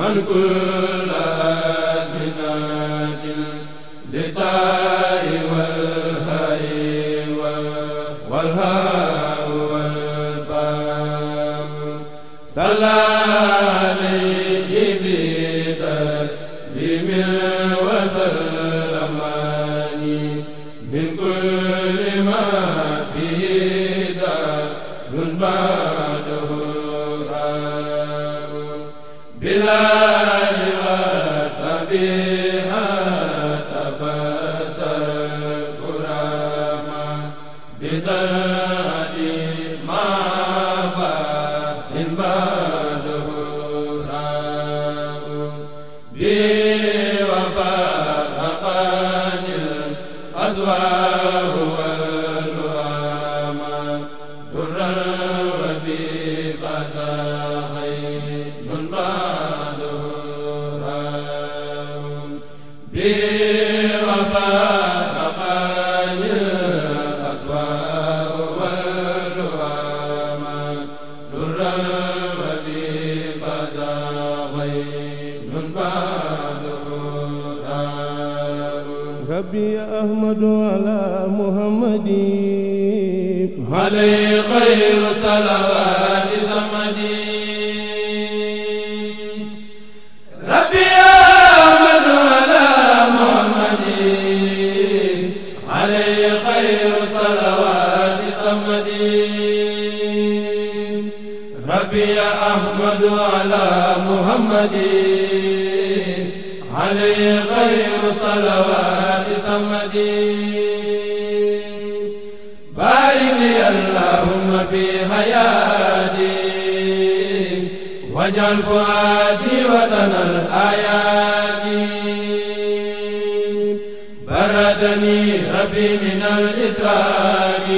man ko la عليه خير صلوات سمدي ربي يا من على محمد عليه خير صلوات سمدي ربي يا أحمد على محمد عليه خير صلوات سمدي في حياتي واجعل فؤادي وطن الآيات بردني ربي من الإسراء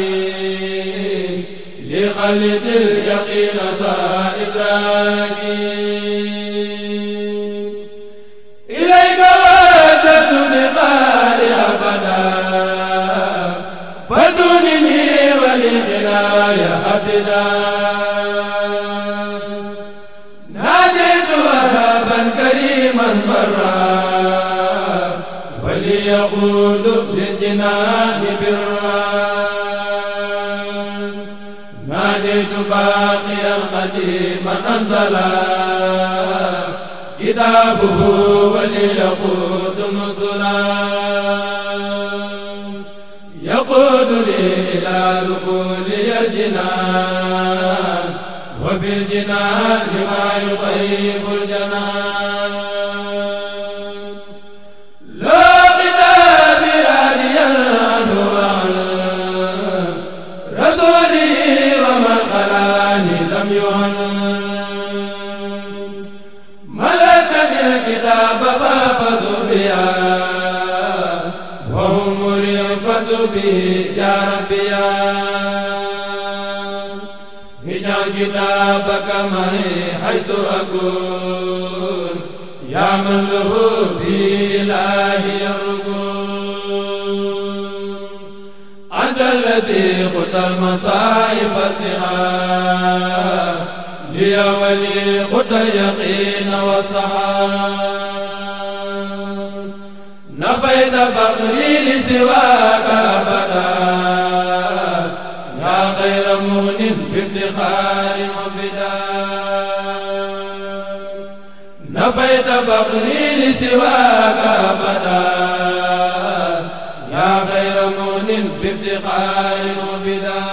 لخلد اليقين ذا إدراكي كتابه وليقود نزلا على دخولي الجنان وفي الجنان ما يطيب الجنان حبك معي حيث أكون يا من له بإلهي الركون أنت الذي قلت المصائب سعى لي ولي قلت اليقين والسحاب نفيت فقري لسواك أبدا غير مغن بابتخار عبدا نفيت فقري لسواك أبدا يا غير مغن بابتخار عبدا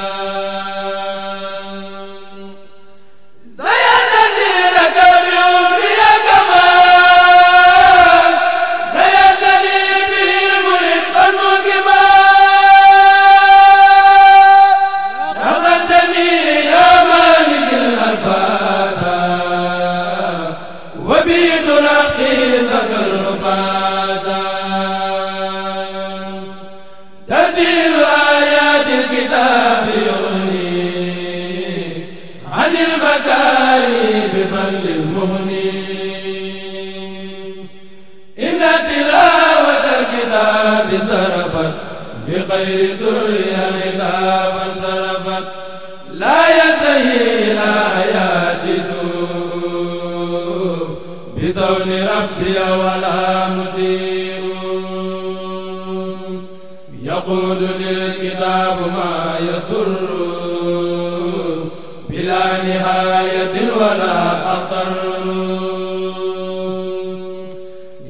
غاية الولا أخطر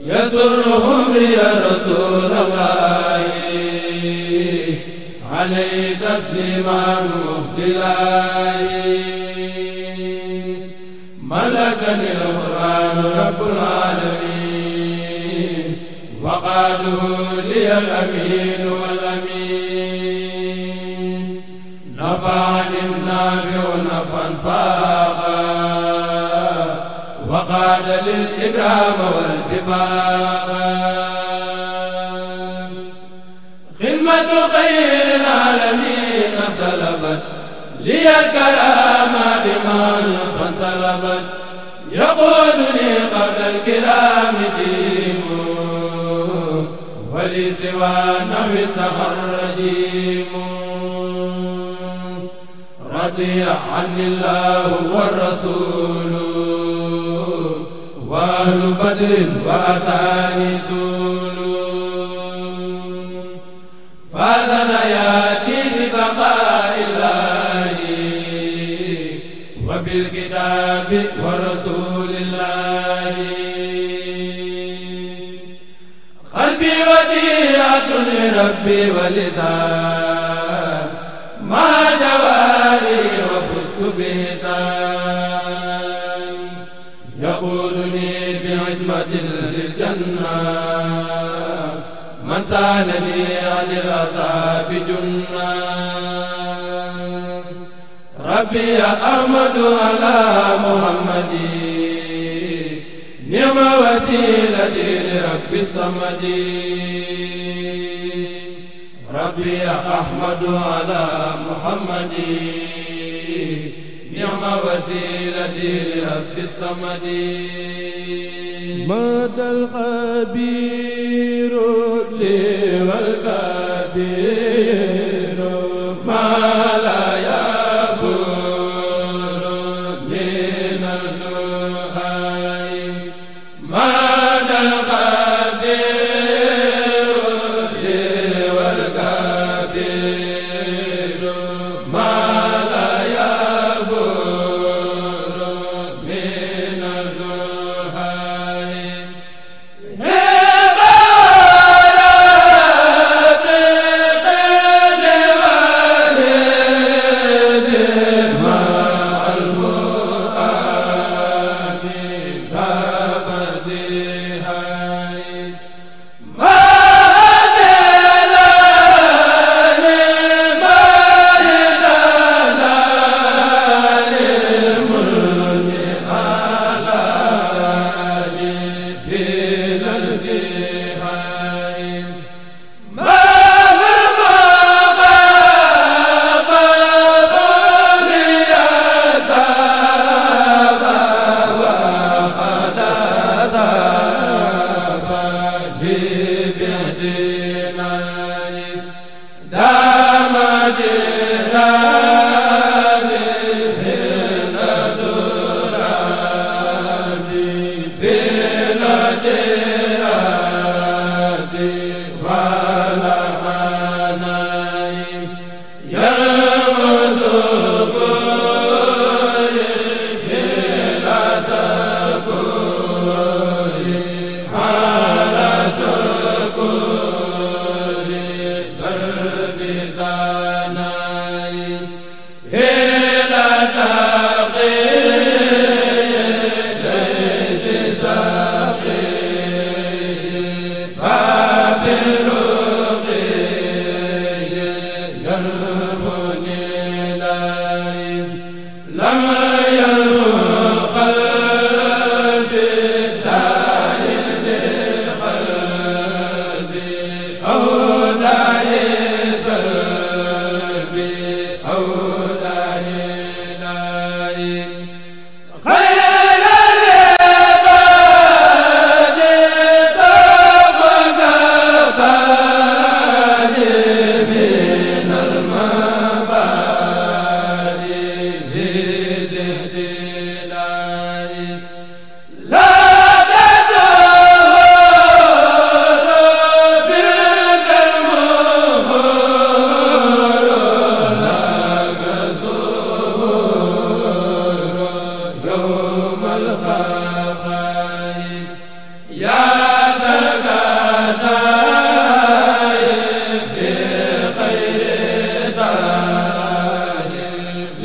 يسرهم يا رسول الله عليه تسليم المفسلاي ملكني القرآن رب العالمين وقاله لي الأمين نافع فانفاقا وقاد للإكرام والإفاق خدمة خير العالمين سلبت لي الكرامات من فانسلبت يقودني قد الكرام ديم ولي سوى نحو التخرجيم رضي عني الله والرسول وأهل بدر وأتاني سول فازنا ياتي ببقاء الله وبالكتاب ورسول الله قلبي وديعة لربي ولسان ما جواري بإحسان يقودني بعصمة للجنة من سالني عن الأذى بجنة ربي أحمد على محمد نعم وسيلتي لرب الصمد ربي أحمد على محمد وسيلتي لرب الصمد مدى الخبير لي والكبير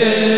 de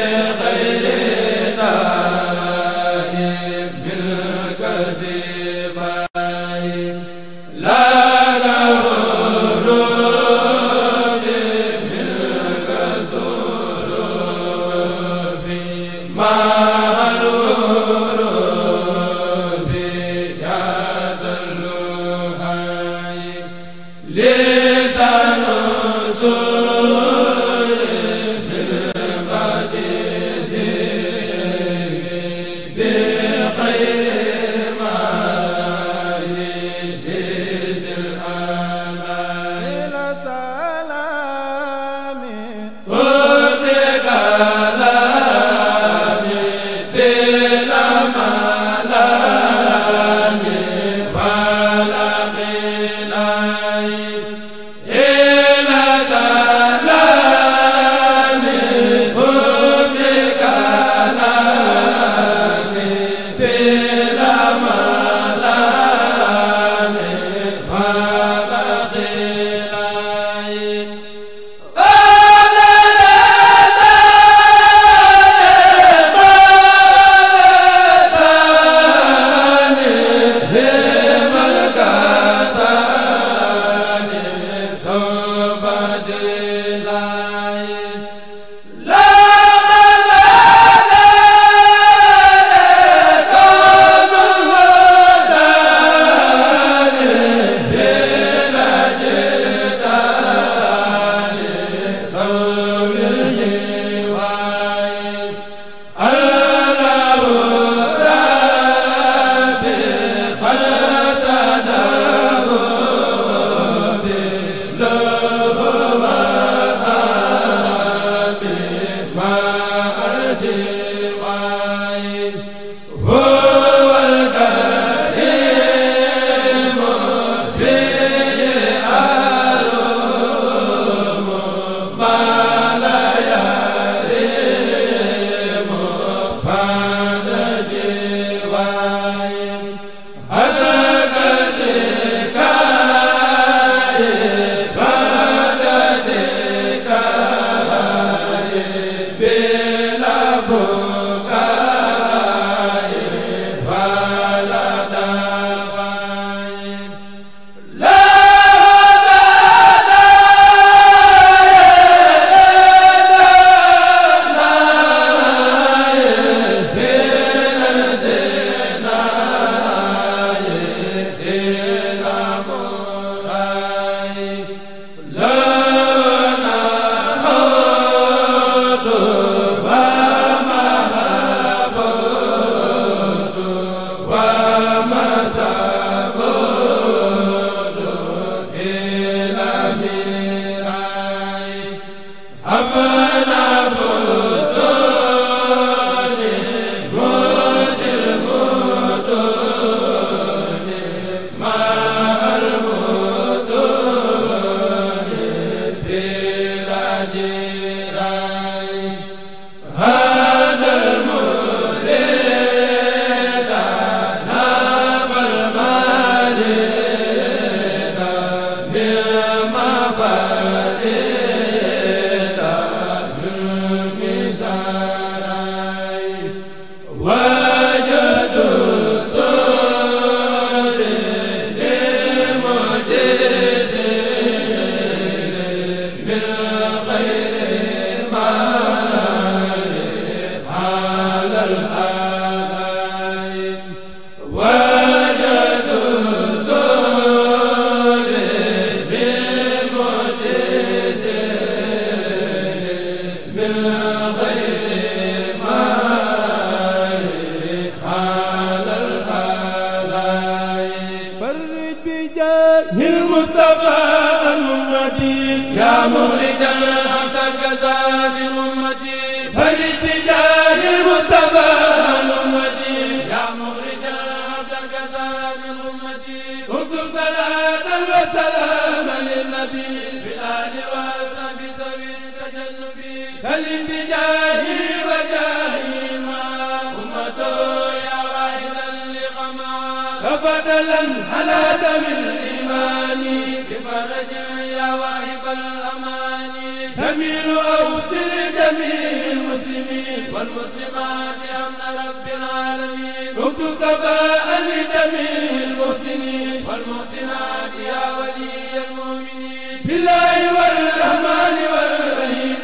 لن هنات من إيماني بفرج يا واهب الأمان نميل أوصل جميع المسلمين والمسلمات أمن رب العالمين اكتب سباء لجميع المحسنين والمحسنات يا ولي المؤمنين بالله والرحمن والرحيم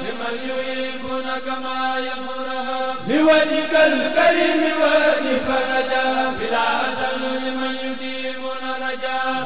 لمن يحبنا كما يمرها لوجهك الكريم ولفرجا بلا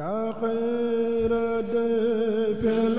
yaa xayra dayfil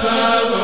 sa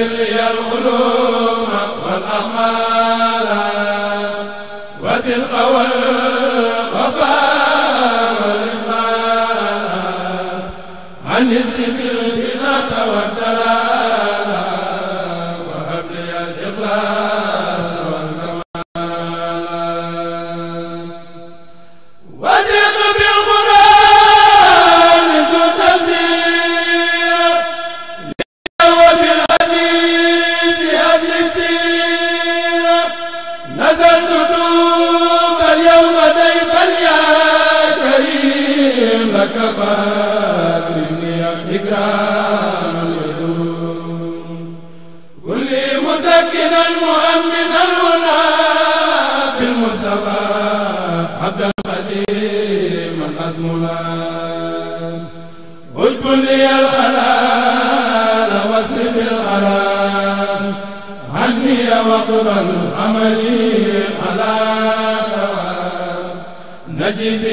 يا العلوم والأعمال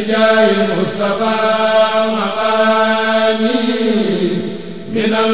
jaay Mustafa maqaami min al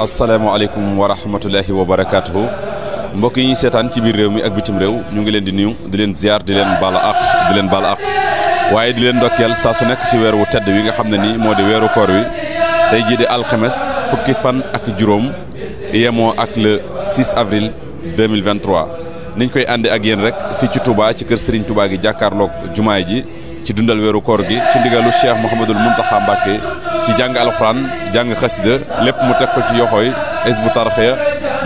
asalaamaaleykum wa rahmatulahi wa barakaatuhu mbokk yi ñu seetaan ci biir réew mi ak bitim réew ñu ngi leen di nuyu di leen ziar di leen baala àq di leen baala àq waaye di leen ndokkeel saa su nekk ci weer wu tedd wi nga xam ne nii moo di weeru koor wi tey jii di alxames fukki fan ak juróom yemoo ak le 6 avril 2023 niñ koy àndi ak yéen rek fii ci tubaa ci kër Serigne Touba gi jàkkaarlook jumaay ji. ci dundal weeru koor gi ci ndigalu Cheikh Mouhamadul Mountakha Mbacké ci jàng alxuraan jàng xasida lépp mu teg ko ci yoxooy Hizbut Tarqiyyah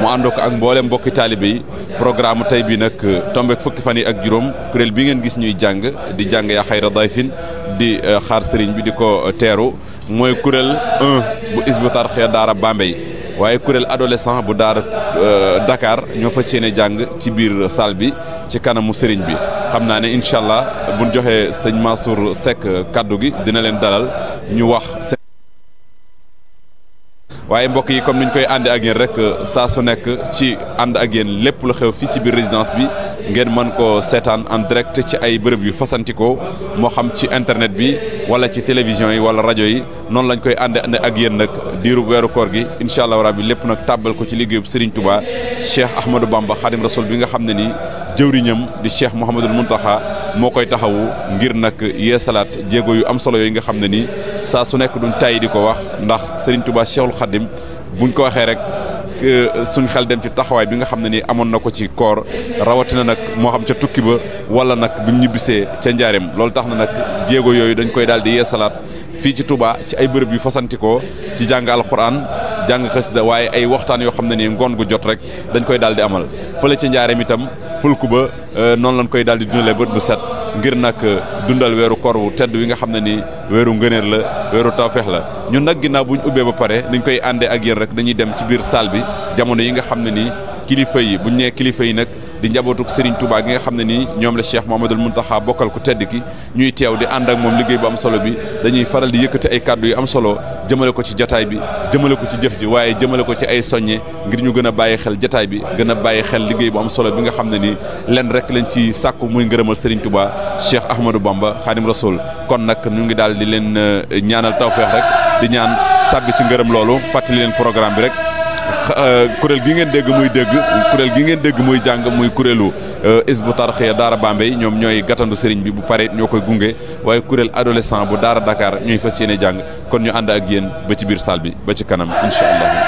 mu ànd ko ak mboolem mbokki taalibe yi programme tey bii nag tombeek fukki fan yi ak juróom kuréel bi ngeen gis ñuy jàng di jàng yaa xayra dayfin di eh, xar sëriñ bi di ko teeru mooy kuréel 1 bu Hizbut Tarqiyyah daara Bambey waaye kuréel adolescent bu daara euh, Dakar ñoo fas yéene jàng ci biir salle bi ci kanamu sëriñ bi xam naa ne incha allah buñ joxee sëñ Mansour Seck kàddu gi dina leen dalal ñu wax. waaye mbokk yi comme niñ koy àndee ak yéen rek saa su nekk ci ànd ak yéen lépp lu xew fii ci biir résidence bi ngeen mën ko seetaan en direct ci ay bërëb yu fasantikoo moo xam ci internet bi wala ci télévision yi wala rajo yi noonu lañ koy ànd ak yéen nag diirub weeru koor gi incha allah rabbi lépp nag tàbbal ko ci liggéeyub Serigne Touba Cheikh Ahmadou Bamba Khadim Rasoul bi nga xam ne ni jëwriñam di Cheikh Mouhamadul Mountakha moo koy taxawu ngir nag yeesalaat jéego yu am solo yooyu nga xam ne ni saa su nekk duñ tàyyi di ko wax ndax Serigne Touba Cheikhul Khadim buñ ko waxee rek. Euh, suñ xel dem ci taxawaay bi nga xam ne ni amoon na ko ci koor rawatina nag moo xam ca tukki ba wala nag bi mu ñibbisee ca njaareem loolu tax na nag jéego yooyu dañ koy daal di yeesalaat fii ci tubaa ci ay bërëb yu fasantikoo ci jàng alxuraan jàng xasida waaye ay waxtaan yoo xam ne nii ngoon gu jot rek dañ koy daal di amal fële ci njaareem itam fulku ba euh, noonu lañ koy daal di dundalee bët bu set ngir nag euh, dundal weeru kor wu tedd wi nga xam ne nii weeru ngëneer la weeru tawfeex la ñu nag ginnaaw bu ñu ubbee ba pare niñ koy àndee ak yéen rek dañuy dem ci biir salle bi jamono yi nga xam ne nii kilifa yi bu ñu kilifa yi nag. di njabootuk Serigne tubaa gi nga xam ne nii ñoom la Cheikh Mouhamadoul Mountakha bokkal ku tedd ki ñuy teew di ànd ak moom liggéey bu am solo bi dañuy faral di yëkkati ay kàddu yu am solo jëmale ko ci jataay bi jëmale ko ci jëf ji waaye jëmale ko ci ay soññe ngir ñu gën a bàyyi xel jataay bi gën bàyyi xel liggéey bu am solo bi nga xam ne nii leen rek lañ ci sàkku muy ngërëmal Serigne Touba Cheikh Ahmadou Bamba Khadim Rasoul kon nag ñu ngi daal di leen euh, ñaanal tawfeex rek di ñaan tàbbi ci ngërëm loolu fàttali leen programme bi rek Euh, kuréel gi ngeen dégg muy dégg kuréel gi ngeen dégg muy jàng muy kuréelu euh, Hizbut Tarqiyyah Daara Bambey ñoom ñooy gàttandu sëriñ bi bu paree ñoo koy gunge waaye kuréel adolescent bu Daara Dakar ñuy fas yéene jàng kon ñu ànd ak yéen ba ci biir salle bi ba ci kanam incha allah.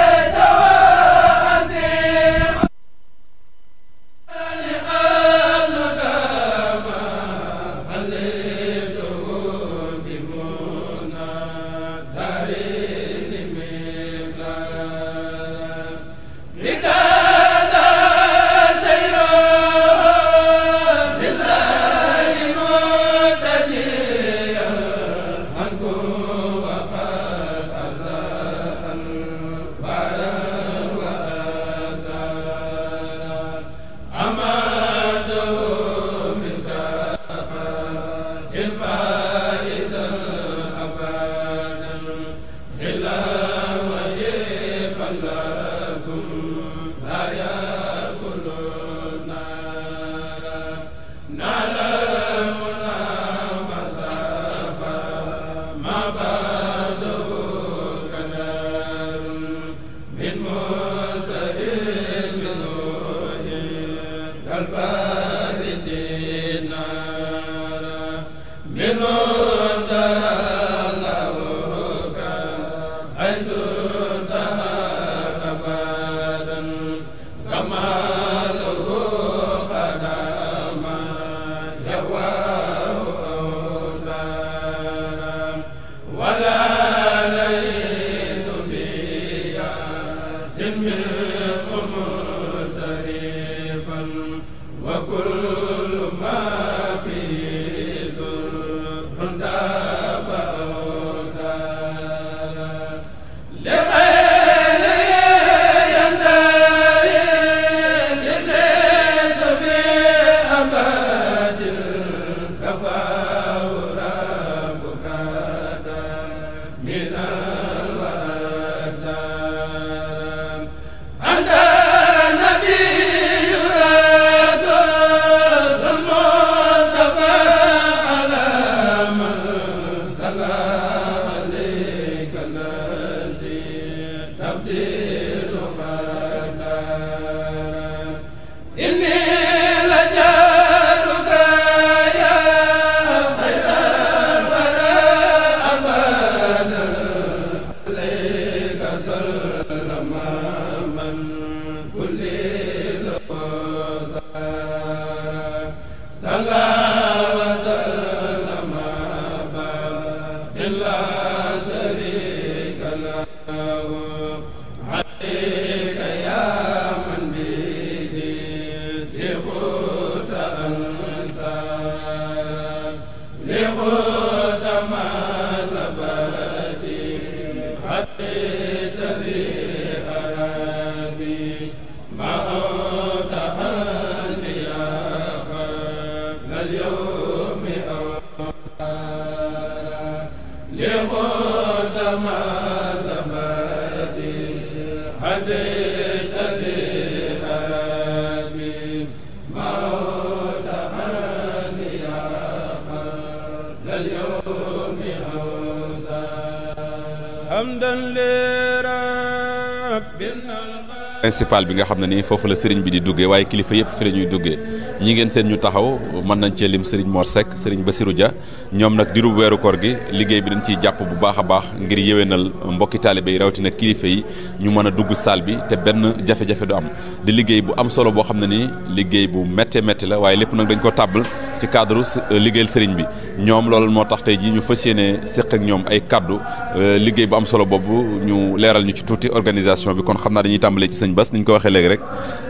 principal bi nga xam ne nii foofu la sëriñ bi di dugge waaye kilifa yëpp fi la ñuy duggee ñi ngeen seen ñu taxaw mën nañ cee lim sëriñ Mor Seck sëriñ Basirou ja ñoom nag diru weeru koor gi liggéey bi dañ ciy jàpp bu baax a baax ngir yéwénal mbokki taalibe yi rawatina kilifa yi ñu mën a dugg saal bi te benn jafe-jafe du am di liggéey bu am solo boo xam ne ni liggéey bu métte métti la waaye lépp nag dañ ko tàbbal ci cadre euh, liggéeyal sëriñ bi ñoom loolu moo tax tey jii ñu fas yéene seq ak ñoom ay kaddu euh, liggéey bu am solo boobu ñu leeral ñu ci tuuti organisation bi kon xam naa dañuy tàmbalee ci sëñ Bass ni ñu ko waxee léegi rek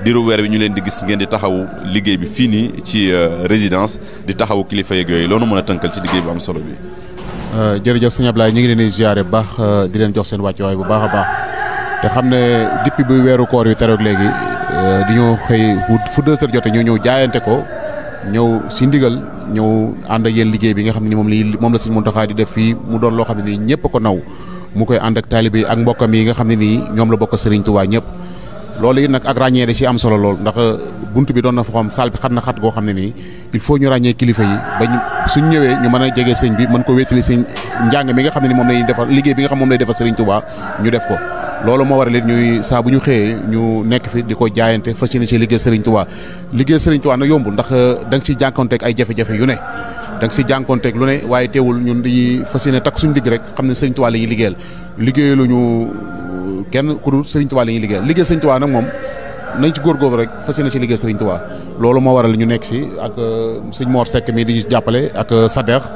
diiru weer bi ñu leen di gis ngeen di taxawu liggéey bi fii nii ci euh, résidence di taxawu kilifa yeeg yooyu loolu mën a tënkal ci liggéey bu am solo bi. jërëjëf sëñ Ablaye ñu ngi leen di ziare bu baax di leen jox seen wàccuwaay bu baax a baax te xam ne depuis bi weeru koor wi teroog léegi di ñoo xëy fu deux heures ñëw jaayante ko ñëw si ndigal ñëw ànd ak yéen liggéey bi nga xam ne ni moom la moom la sëñ Muntaxa di def fii mu doon loo xam ne nii ñëpp ko naw mu koy ànd ak taalibe yi ak mbokkam yi nga xam ne nii ñoom la bokk Sëriñ Tuubaa ñëpp loolu yi nag ak ràññee da si am solo lool ndax uh, bunt bi doon na fa xam saal bi xat na xat goo xam ne nii il faut ñu ràññee kilifa yi ba ñu suñ ñëwee ñu mën a jege sëñ bi mën ko wéetali sëñ njàng mi nga xam ne ni moom lay defar liggéey bi nga xam moom lay defar Sëriñ Tuubaa ñu def ko loolu moo a leen ñuy saa bu ñu xëyee ñu nekk fi di ko jaayante fas yéene ci liggéey Serigne Touba liggéey Serigne Touba nag yombul ndax euh, da nga siy jànkonteeg ay jafe-jafe yu ne dang nga siy jànkonteeg lu ne waaye teewul ñun dañuy fas yéene takk suñu digg rek xam ne Serigne Touba la ñuy liggéeyal lu ñu kenn ku dul Serigne Touba la ñuy liggéeyal liggéey Serigne Touba nag moom nañ ci góorgóorlu rek fas yéene ci liggéey Serigne Touba loolu moo waral ñu nekk si ak euh, sëñ Mor Seck mii di jàppale ak euh, Sadex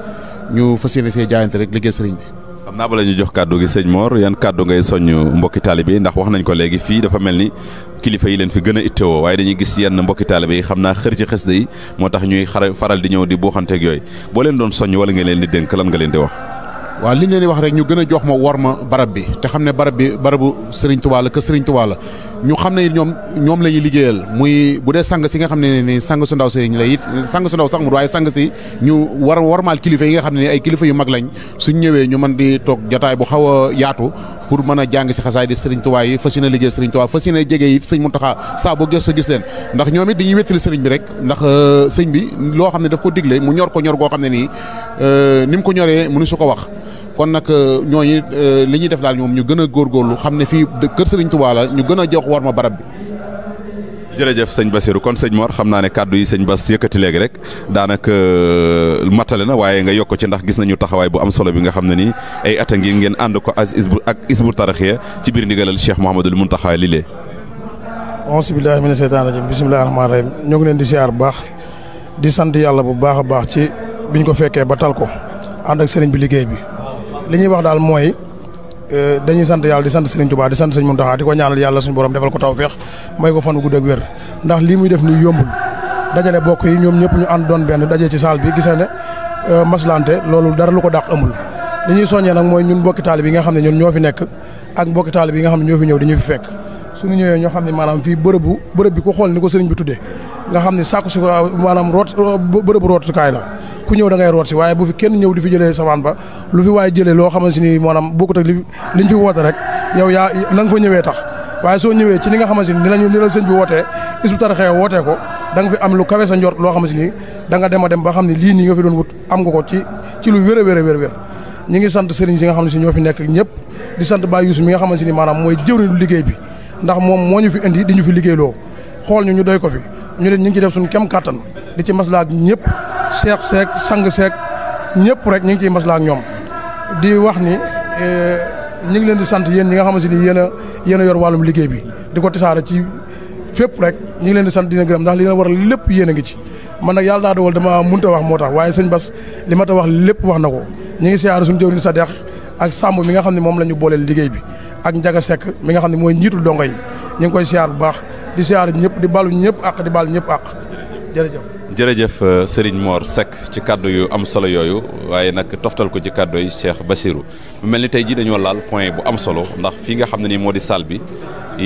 ñu fas yéene see jaayante rek liggéey Serigne bi xam naa bala ñu jox kàddu gi sëñ moor yan kàddu ngay soññ mbokki taalibe yi ndax wax nañ ko léegi fii dafa mel ni kilifa yi leen fi gën a ittewoo waaye dañuy gis yenn mbokki taalibe yi xam naa xër ci xes yi moo tax ñuy xar faral di ñëw di buuxanteeg yooyu boo leen doon soññ wala nga leen di dénk lan nga leen di wax waa li ñu leen di wax rek ñu gën a jox ma wor ma barab bi te xam ne barab bi barabu Sëriñ Tuubaa la kër Sëriñ ñu xam ne ñoom ñoom la ñuy liggéeyal muy bu dee sang si nga xam ne nii sang su ndaw si la it sang su ndaw sax mu waaye sang si ñu war warmaal kilifa yi nga xam ne ay kilifa yu mag lañ suñ ñëwee ñu man di toog jataay bu xaw a yaatu pour mën a jàng si xasaay di sëriñ Tuubaa yi fas yéene liggéey sëriñ Tuubaa fas jege yi sëñ Muntaxa saa boo gëstu gis leen ndax ñoom it dañuy wéttali sëriñ bi rek ndax euh, sëñ bi loo xam ne daf ko digle mu ñor ko ñor goo xam ne nii euh, ni mu ko ñoree mënu su ko wax kon nag euh, ñooñu li ñuy def daal moom ñu gën a góorgóorlu xam ne fii kër sëriñ Tuubaa la ñu gën a jox war ma barab bi jërëjëf sëñ Basirou kon sëñ Mor xam naa ne kàddu yi sañ Bas yëkkati léegi rek daanaka euh, mattale na waaye nga yokk ci ndax gis nañu taxawaay bu am solo bi nga xam ne nii ay at a ngeen ànd ko as isbu ak isbu taraxiya ci biir ndigalal Cheikh Mouhamadul mun lile. auzu billaahi mina seytaani rajiim bismillaahi rahmaani rahiim ñoo ngi leen di siyaar bu baax di sant yàlla bu baax a baax ci biñ ko fekkee ba tal ko ànd ak sëriñ bi liggéey bi li ñuy wax daal mooy Euh, dañuy sant yàlla di sant Serigne Touba di sant Serigne Mountakha di ko ñaanal yàlla suñu borom defal ko tawféex may ko fan gudd ak wér ndax lii muy def nii yombul dajale bokk yi ñoom ñëpp ñu ànd doon benn daje ci salle bi gisee ne euh, loolu dara lu ko dàq amul li ñuy soññee nag mooy ñun mbokki taalib yi nga xam ne ñun ñoo fi nekk ak mbokki taalib yi xam ne ñoo fi ñëw di ñu fi fekk suñu ñëwee ñoo xam ne maanaam fii bërëbu bërëb bi ko xool ni ko sëriñ bi tuddee nga xam ne sàkku si maanaam root bërëbu rootukaay la ku ñëw danga ngay root si waaye bu fi kenn ñëw di fi jëlee safaan ba lu fi waaye jëlee loo xamante ni maanaam bokkut ak li liñ fi woote rek yow yaa na nga fa ñëwee tax waaye soo ñëwee ci li nga xamante ni ni lañu ni la sëñ wootee Hizbut Tarqiyyah ko da nga fi am lu kawe sa njort loo xamante ni da nga dem a dem ba xam ne lii nii nga fi doon wut am nga ko ci ci lu wér a wér a wér wér ñi ngi sant sëriñ si nga xam ne si ñoo fi nekk ñëpp di sant baa Youssou mi nga xamante ni maanaam mooy jëwriñu liggéey bi ndax moom moo ñu fi indi di ñu fi liggéeyloo xool ñu ñu doy ko fi ñu ne ñu ngi ci def suñu kem kàttan di ci maslaa ak ñëpp seex seek sang seek ñëpp rek ñu ngi ciy maslaa ak ñoom di wax ni eh, ñu ngi leen di sant yéen ñi nga xamante ni yéen a yéen a yor wàllum liggéey bi di ko tasaare ci fépp rek ñu ngi leen di sant dina gërëm ndax li leen waral lépp yéen a ngi ci man nag yàlla daa dogal dama mënut a wax moo tax waaye sëñ Bas li ma ta wax lépp wax na ko ñu ngi siyaare suñu jëwriñ sa dex ak sàmm mi nga xam ne moom la ñu booleel liggéey bi ak njaga sekk mi nga xam ne mooy njiitul dongo yi ñu ngi koy siyaar bu baax di siyaar ñëpp di balu ñëpp ak di bal ñëpp ak jërëjëf jërëjëf euh, Serigne Mor Seck ci kàddu yu am solo yooyu waaye nag toftal ko ci kàddu yi Cheikh Bassirou mu mel ni tey jii dañoo laal point bu am solo ndax fii nga xam ne nii moo di salle bi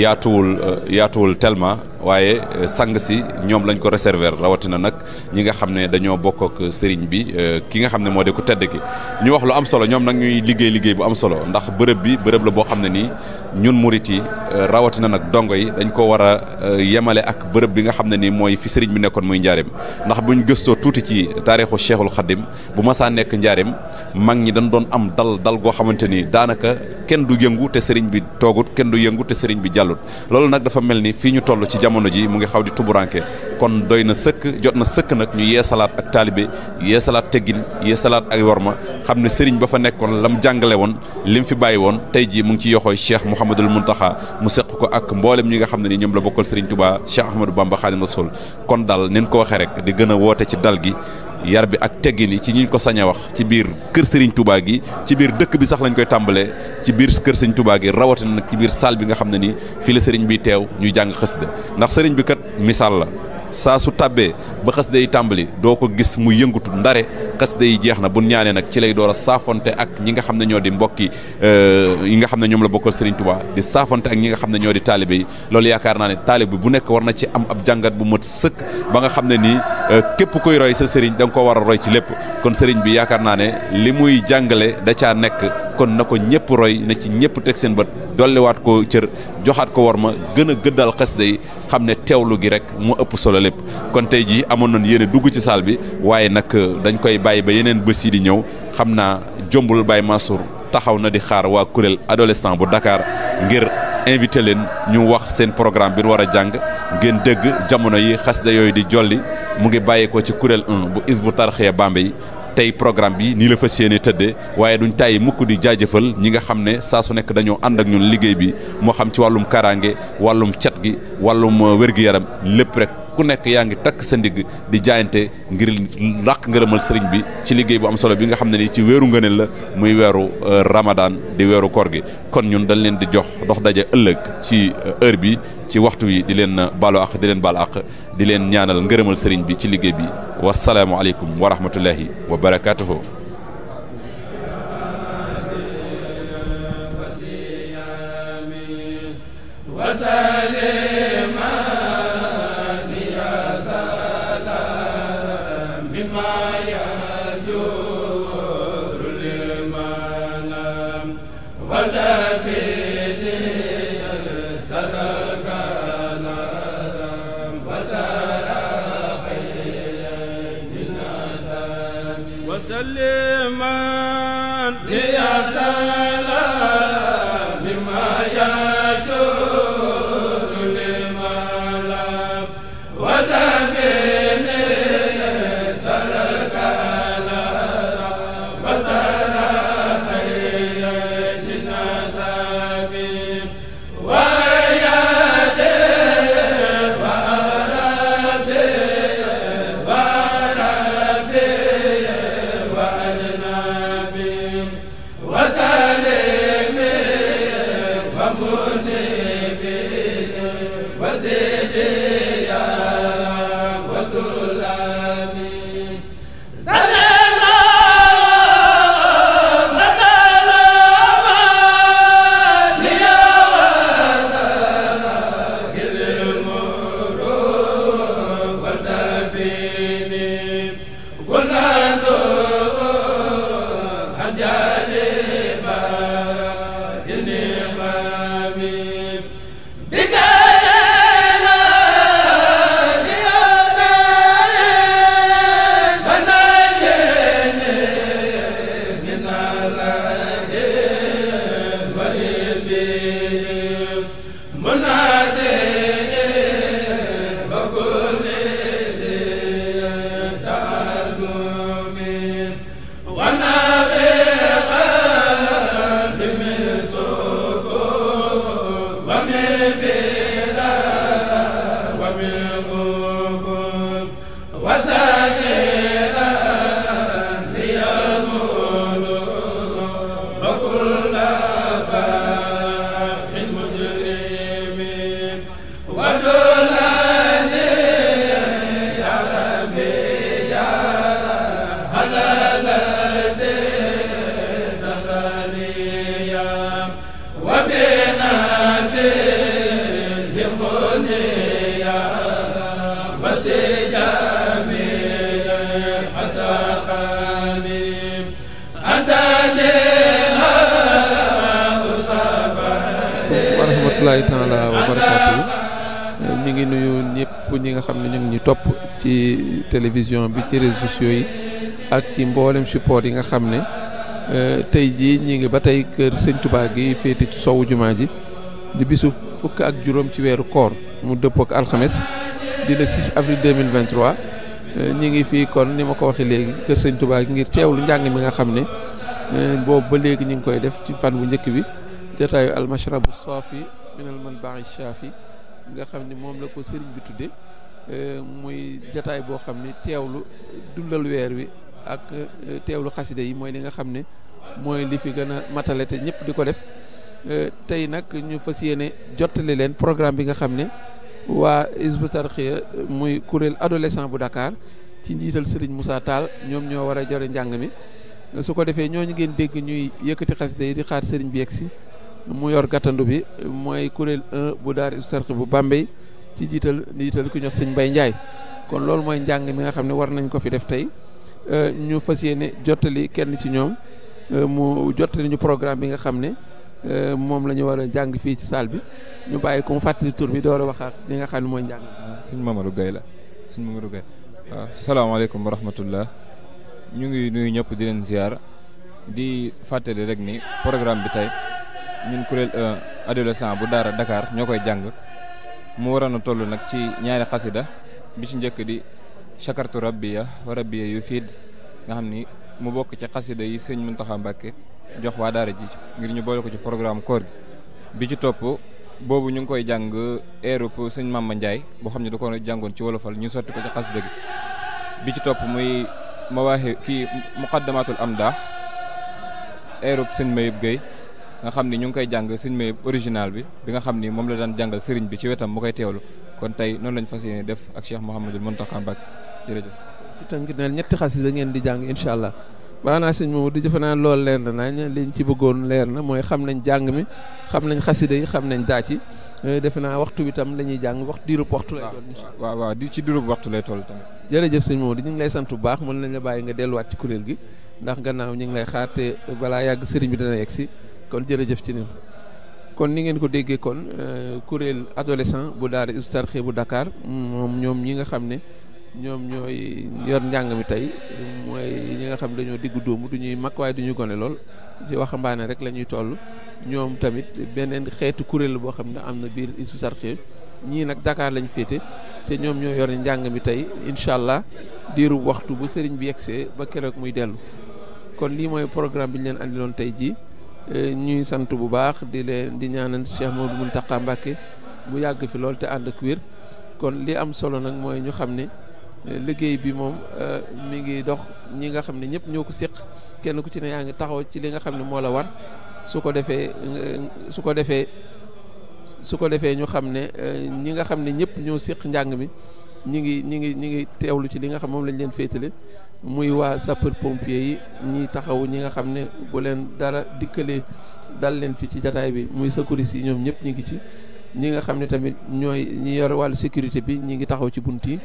yaatuwul euh, yaatuwul tellement waaye euh, sang si ñoom lañ ko réserver rawatina nag ñi nga xam ne dañoo bokk ak Serigne bi ki nga xam ne moo di ku tedd ki ñu wax lu am solo ñoom nag ñuy liggéey liggéey bu am solo ndax bërëb bi bërëb la boo xam ne nii ñun murit yi rawatina nag dongo yi dañ ko war a yemale ak bërëb bi nga xam ne nii mooy fi Serigne bi nekkoon muy njaareem ndax bu ñu gëstoo tuuti ci taarixu cheikhul xadim bu masaa nekk njaareem mag ñi dañu doon am dal dal goo xamante ni daanaka kenn du yëngu te sëriñ bi toogut kenn du yëngu te sëriñ bi jàllut loolu nag dafa mel ni fii ñu toll ci jamono ji mu ngi xaw di tuburanke kon doy na sëkk jot na sëkk nag ñu yeesalaat ak taalibe yeesalaat teggin yeesalaat ak warma xam ne sëriñ ba fa nekkoon la mu jàngale woon lim fi bàyyi woon tey jii mu ngi ci yoxooy cheikh mouhamadul muntaxa mu seq ko ak mboolem ñi nga xam ne ni ñoom la bokkal sëriñ tubaa cheikh ahmadou bamba xaadim rasul kon daal nin ko waxee rek di gën a woote ci dal gi yar bi ak teggin yi ci ñi ko sañ a wax ci biir kër Serigne tubaa gi ci biir dëkk bi sax lañ koy tàmbalee ci biir kër Serigne tubaa gi rawatina nag ci biir salle bi nga xam ne ni fii la Serigne bi teew ñu jàng xasida ndax sëriñ bi kat misaal la. saa su tabbee ba xas day tàmbali doo ko gis mu yëngatu ndare xasida yi jeex na bu ñaanee nag ci lay door a saafonte ak ñi nga xam ne ñoo di mbokki euh, yi nga xam ne ñoom la bokkal Serigne Touba di saafonte ak ñi nga xam ne ñoo di taalibe yi loolu yaakaar naa ne taalibe bi bu nekk war na ci am ab jàngat bu mët sëkk ba nga xam ne nii euh, képp koy roy sa Serigne da nga ko war a roy ci lépp kon Serigne bi yaakaar naa ne li muy jàngale da caa nekk kon na ko ñëpp roy na ci ñëpp teg seen bët dolliwaat ko cër joxaat ko war ma gën a gëddal xasida yi xam ne teewlu gi rek mu ëpp solo lépp kon tey jii amoon nañ yéene dugg ci saal bi waaye nag euh, dañ koy bàyyi ba yeneen bés yi di ñëw xam naa jombul Baye Mansour taxaw na di xaar waa kuréel adolescent bu dakaar ngir invité leen ñu wax seen programme bi nu war a jàng ngeen dégg jamono yi xasida yooyu di jolli mu ngi bàyyi ko ci kuréel 1 bu Hizbut Tarqiyyah Bambey tey programme bi nii la fa yéene tëddee waaye duñ tàyyi mukk di jaajëfal ñi nga xam ne saa su nekk dañoo ànd ak ñun liggéey bi moo xam ci wàllum kaaraange wàllum cat gi wàllum euh, wér-gu-yaram lépp rek ku nekk yaa ngi takk sa ndigg di jaayante ngir làq ngërëmal sëriñ bi ci liggéey bu am solo bi nga xam ne nii ci weeru ngëneel la muy weeru euh, ramadaan di weeru koor gi kon ñun dañ leen di jox dox daje ëllëg ci euh, heure bi ci waxtu wi di leen euh, baalu àq di leen baal àq di leen ñaanal ngërëmal sëriñ bi ci liggéey bi wasalaamualeykum wa rahmatullahi wa barakaatuhu rahmatullahi taala wa ñu ngi nuyu ñëpp ñi nga xam ne ñu ngi topp ci télévision bi ci réseaux sociaux yi ak ci mboolem support yi nga xam ne euh, tey jii ñi ngi ba tey kër sëñ tubaa gi féete ci sowu jumaa ji di bisu fukk ak juróom ci weeru koor mu dëppook alxames di le 6 avril 2023 euh, ñi ngi fii kon ni ma ko waxee léegi kër sëñ Touba gi ngir lu njàng mi nga xam ne euh, boobu ba léegi ñu ngi koy def ci fan bu njëkk bi jataayu almashrabu saafi minal malbaxi shaafi nga xam ni moom la ko sëriñ bi tudde euh, muy jataay boo xam ni teewlu dundal weer wi ak euh, teewlu xasida yi mooy li nga xam ni mooy li fi gën a matale te ñëpp di ko def euh, tey nag ñu fas yéene jottali leen programme bi nga xam ne waa Hizbut Tarqiyyah muy kuréel adolescent bu dakaar ci njiital sëriñ musaa Tall ñoom ñoo war a jore njàng mi su ko defee ñooñu ngeen dégg ñuy yëkkati xasida yi di xaar sëriñ bi yegg si mu yor gàttandu bi mooy kuréel bu daar istarq bu Bambey ci jiital jiital ku ñuy wax sëñ Mbaye Ndiaye kon loolu mooy njàng mi nga xam ne war nañ ko fi def tey euh, ñu fas yéene jottali kenn ci ñoom euh, mu jottali ñu programme bi nga xam ne euh, moom la ñu war a jàng fii ci salle bi ñu bàyyi ko mu fàttali tur bi door a wax ak nga xam ne mooy njàng. suñ Mamadou gay la suñ Mamadou Gaye waaw salaamaaleykum wa rahmatullah ñu ngi nuyu ñëpp di leen ziar di fàttali rek ni programme bi tey. ñun kuréel euh, adolescent bu daara dakaar ñoo koy jàng mu waroon a toll nag ci ñaari xasida bi ci njëkk di chakartu rabbiya wa rabbiya yu fiid nga xam ni mu bokk ci xasida yi sëñ Muntaxa Mbàkke jox waa daara ji ngir ñu boole ko ci programme koor gi bi ci topp boobu ñu ngi koy jàng eerup sëñ Mamba Ndiaye boo xam ne da ko jàngoon ci wolofal ñu sotti ko ci xasida gi bi ci topp muy mawaahi kii muqaddamatul amdah eerup sëñ Mayib Gueye nga xam ni ñu ngi koy jàng sëñ Mayib original bi bi nga xam ni moom la daan jàngal sëriñ bi ci wetam mu koy teewlu kon tey noonu lañ fas yéene def ak Cheikh Mouhamadul Mountakha Mbacké jërëjëf ci tënk neen ñetti xasida ngeen di jàng incha allah baa naa sëñ Mamadou jëfe naa loolu leer na nañ liñ ci bëggoon leer na mooy xam nañ jàng mi xam nañ xasida yi xam nañ daa ci euh, defe naa waxtu bi la ñuy jàng waxtu diirub waxtu lay doon incha allah waaw waaw waxtu lay toll tamit jërëjëf sëñ Mamadou ñu ngi lay sant bu baax mën nañ la bàyyi nga delluwaat ci kuréel gi ndax gannaaw ñu ngi lay xaar te balaa yàgg sëriñ bi dana yegg si kon jërëjëf ci ñun kon ni ngeen ko déggee kon euh, kuréel adolescent bu daara Hizbut-Tarqiyyah bu dakaar moom ñoom ñi nga xam ne ñoom ñooy yor njàng mi tey mooy ñi nga xam dañoo diggu dóomu du ñuy mag waaye duñu ñu gone lool ci waxambaane rek la ñuy toll ñoom tamit beneen xeetu kuréel boo xam ne am na biir Hizbut-Tarqiyyah ñii nag Dakar lañ féete te ñoom ñoo yor njàng mi tey incha allah diiru waxtu bu sëriñ bi yegsee ba keroog muy dellu kon lii mooy programme bi ñu leen andiloon tey jii. Eh, ñuy sant bu baax di leen di ñaanal Cheikh Modou Mountakha Mbacké mu yàgg fi loolu te ànd ak kon li am solo nag mooy ñu xam ne eh, liggéey bi moom eh, mi ngi dox ñi nga xam ne ñëpp ñoo ko séq kenn ku ci ne yaa ngi taxaw ci li nga xam ne moo la war su ko defee su ko defee su ko defee ñu xam ne ñi nga xam ne ñëpp ñoo séq njàng mi ñi ngi ñi ngi ñi ngi teewlu ci li nga xam moom lañ leen féetale muy waa sapeur pompier yi ñiy taxaw ñi nga xam ne bu leen dara dikkalee dal leen fi ci jataay bi muy secouristes yi ñoom ñëpp ñu ngi ci ñi nga xam ne tamit ñooy ñu yor wàllu sécurité bi ñi ngi taxaw ci bunt yi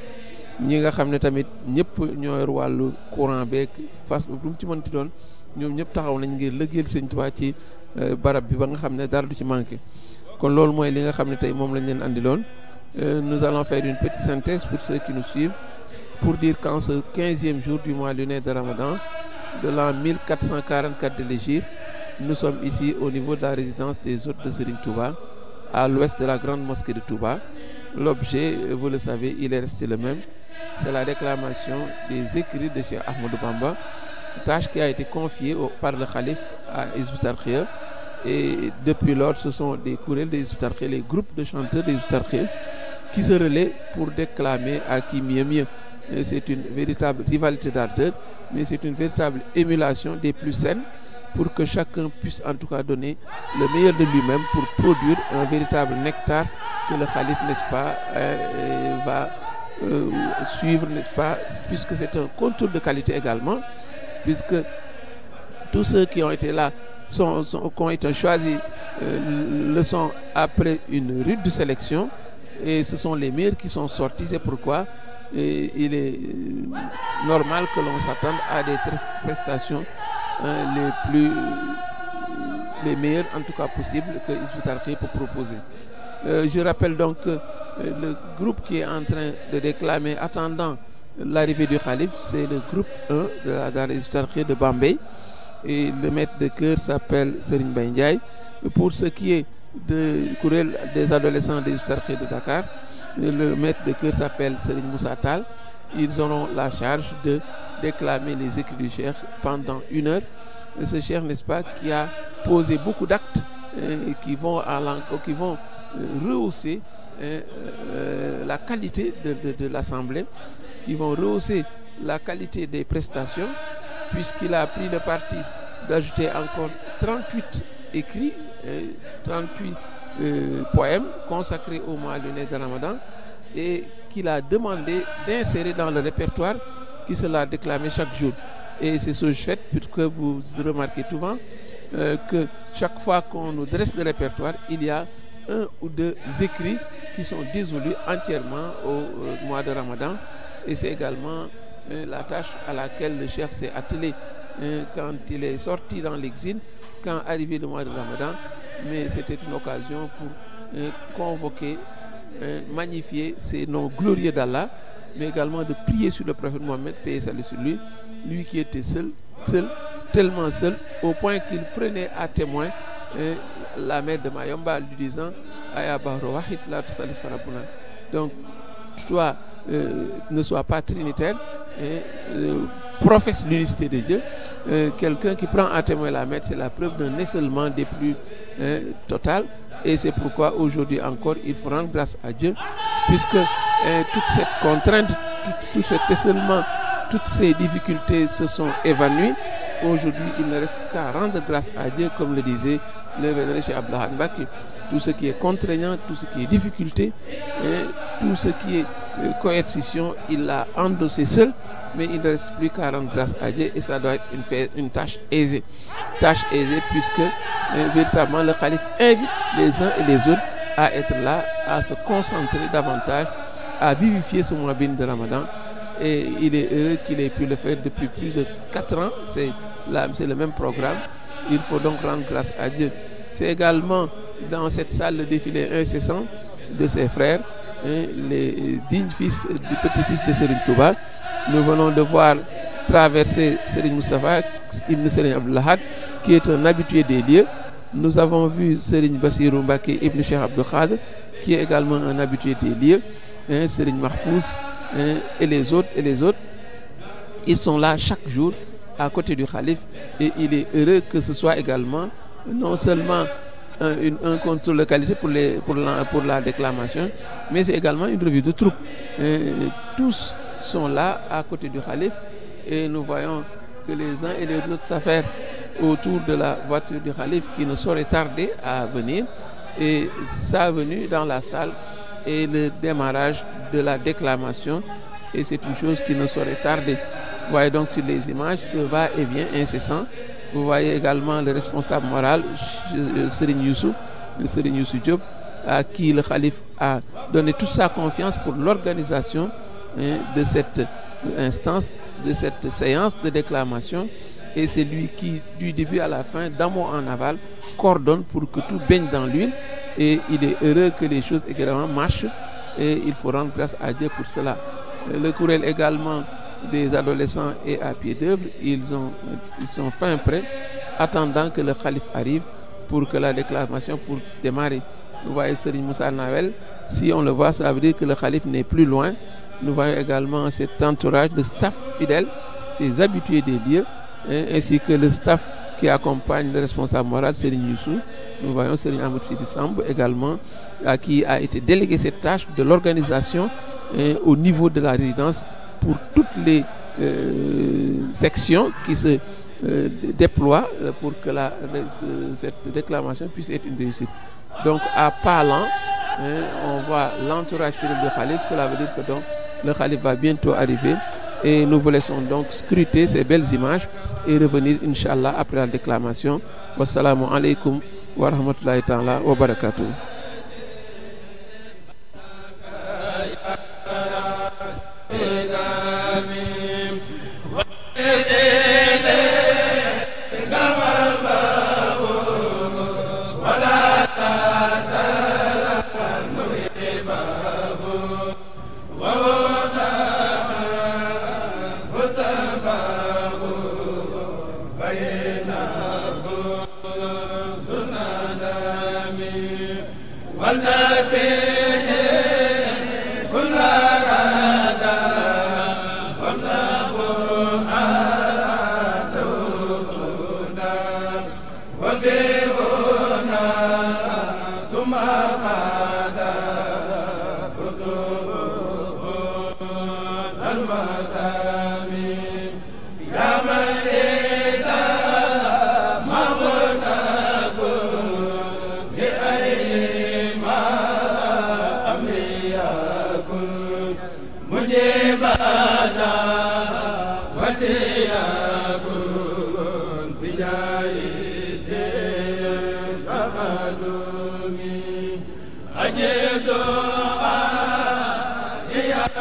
ñi nga xam ne tamit ñëpp ñoo yor courant beeg fas lu mu ci mënti doon ñoom ñëpp taxaw nañ ngir lëggeel Sëñ Tuubaa ci euh, barab bi ba nga xam ne dara du ci manqué kon loolu mooy li nga xam ne tey moom lañ leen andiloon euh, nous allons faire une petite synthèse pour ceux qui nous suivent pour dire qu'en ce quinzième jour du mois lunaire de Ramadan, de l'an 1444 de l'Égypte, nous sommes ici au niveau de la résidence des hôtes de Sering à l'ouest de la grande de Touba. L'objet, vous le le même. C'est la réclamation des écrits de Cheikh Ahmadou Bamba, tâche qui a au, par le calife à Isbutar Et depuis lors, ce sont des courelles des les groupes de chanteurs des qui se relaient pour déclamer à qui mieux mieux. mais c'est une véritable rivalité d'ardeur, mais c'est une véritable émulation des plus saines pour que chacun puisse en tout cas donner le meilleur de lui-même pour produire un véritable nectar que le calife, n'est-ce pas, euh, va euh, suivre, n'est-ce pas, puisque c'est un contour de qualité également, puisque tous ceux qui ont été là sont, sont qui ont été choisis euh, le sont après une rude sélection et ce sont les meilleurs qui sont sortis, c'est pourquoi Et il est euh, normal que l'on s'attende à des prestations les plus euh, les meilleures en tout cas possibles que Ismaël pour peut proposer. Euh, je rappelle donc que euh, le groupe qui est en train de déclamer attendant l'arrivée du calife, c'est le groupe 1 de la Dar de Bombay et le maître de chœur s'appelle Serigne Bendiaye. Pour ce qui est de Kourel des adolescents des Ismaël de Dakar, le maître de chœur s'appelle Serigne Moussa Tall ils auront la charge de déclamer les écrits du cheikh pendant une heure et ce cheikh n'est-ce pas qui a posé beaucoup d'actes euh, qui vont euh, euh, euh, qualité de de de l'assemblée qui vont la qualité des prestations puisqu'il a pris le parti d'ajouter encore 38 écrits 38 euh, poème consacré au mois de Ramadan et qu'il a demandé d'insérer dans le répertoire qui sera déclamé chaque jour. Et c'est ce que je fais, puisque vous remarquez souvent euh, que chaque fois qu'on nous dresse le répertoire, il y a un ou deux écrits qui sont désolus entièrement au, euh, mois de Ramadan. Et c'est également euh, la tâche à laquelle le chef s'est attelé euh, quand il est sorti dans l'exil, quand arrivé le mois de Ramadan. mais c'était une occasion pour euh, convoquer, euh, magnifier ces noms glorieux d'Allah, mais également de prier sur le prophète Mohammed, paix salut sur lui, lui qui était seul, seul, tellement seul, au point qu'il prenait à témoin euh, la mère de Mayomba lui disant Donc, toi, euh, ne sois pas trinitaire, et, euh, euh, professe l'unicité de Dieu. Quelqu'un qui prend à témoin la mère, c'est la preuve d'un essailement des plus hein, euh, Et c'est pourquoi aujourd'hui encore, il faut rendre grâce à Dieu, puisque hein, euh, toute cette contrainte, tout, tout cet toutes ces difficultés se sont évanouies. Aujourd'hui, il ne reste qu'à rendre grâce à Dieu, comme le disait le vénéré chez Abdullah Tout ce qui est contraignant, tout ce qui est difficulté, et euh, tout ce qui est coercition, il l'a endossé seul, mais il ne reste plus qu'à rendre grâce à Dieu et ça doit être une, une tâche aisée. Tâche aisée puisque euh, véritablement le calife invite les uns et les autres à être là, à se concentrer davantage, à vivifier ce mois de Ramadan. Et il est heureux qu'il ait pu le faire depuis plus de 4 ans. C'est le même programme. Il faut donc rendre grâce à Dieu. C'est également dans cette salle le défilé incessant de ses frères les dignes fils du petit-fils de Serigne Touba. Nous venons de voir traverser Serigne Moustapha ibn Serigne Abdoulahad, qui est un habitué des lieux. Nous avons vu Serigne Bassirou Mbacké ibn Cheikh Abdou Khadr, qui est également un habitué des lieux, hein, Mahfouz et les autres et les autres. Ils sont là chaque jour à côté du khalife et il est heureux que ce soit également non seulement un, une, un contrôle de qualité pour, les, pour, la, pour la déclamation, mais c'est également une revue de troupes. Et tous sont là à côté du calife et nous voyons que les uns et les autres s'affairent autour de la voiture du calife qui ne saurait tarder à venir et sa venue dans la salle est le démarrage de la déclamation et c'est une chose qui ne saurait tarder. Vous voyez donc sur les images ce va-et-vient incessant Vous voyez également le responsable moral, Serigne Youssou, Serigne Youssou Diop, à qui le calife a donné toute sa confiance pour l'organisation de cette instance, de cette séance de déclamation. Et c'est lui qui, du début à la fin, d'amont en aval, coordonne pour que tout baigne dans l'huile. Et il est heureux que les choses également marchent. Et il faut rendre grâce à Dieu pour cela. Le courriel également des adolescents est à pied d'œuvre. Ils, ont, ils sont fin prêts, attendant que le calife arrive pour que la déclamation pour démarrer. Nous voyons Serine Moussa Nawel. Si on le voit, ça veut dire que le calife n'est plus loin. Nous voyons également cet entourage, le staff fidèle, ses habitués des lieux, ainsi que le staff qui accompagne le responsable moral, Serine Youssou. Nous voyons Serine Amoutsi Dissambe également, à qui a été déléguée cette tâche de l'organisation hein, au niveau de la résidence pour toutes les euh, sections qui se euh, déploient euh, pour que la, cette déclamation puisse être une réussite. Donc à Palan, hein, on voit l'entourage philippe de Khalif, cela veut dire que donc le Khalif va bientôt arriver et nous vous laissons donc scruter ces belles images et revenir Inch'Allah après la déclamation. Wassalamu alaikum wa rahmatullahi ta'ala wa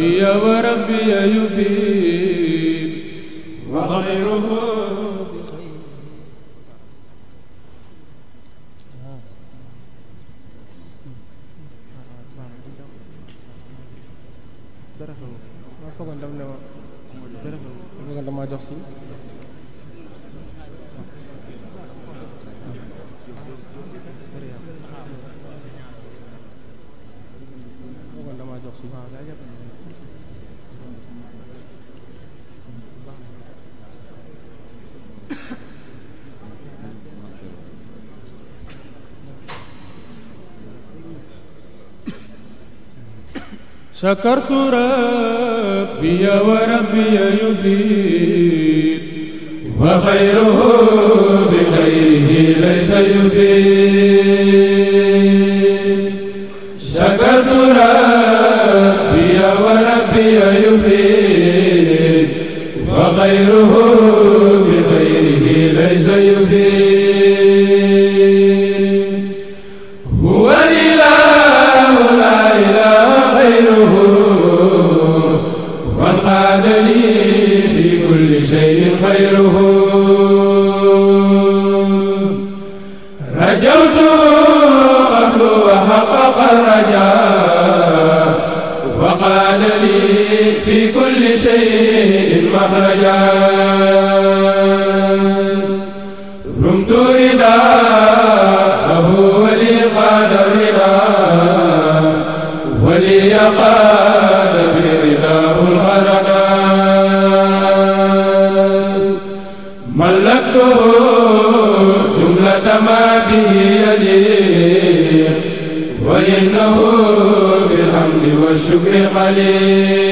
ربي وربي يفيد وغيره شكرت ربي وربي يفيد وخيره بخيره ليس يفيد الشكر قليل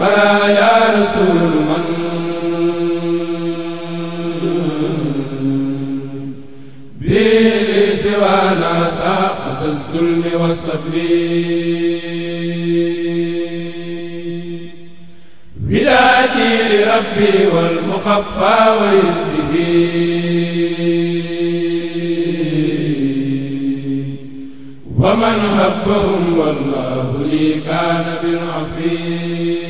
برا يا رسول من بيلي سوانا ساقس الظلم والصفر ولادي لربي والمخفى ويزبه ومن هبهم والله لي كان بالعفيف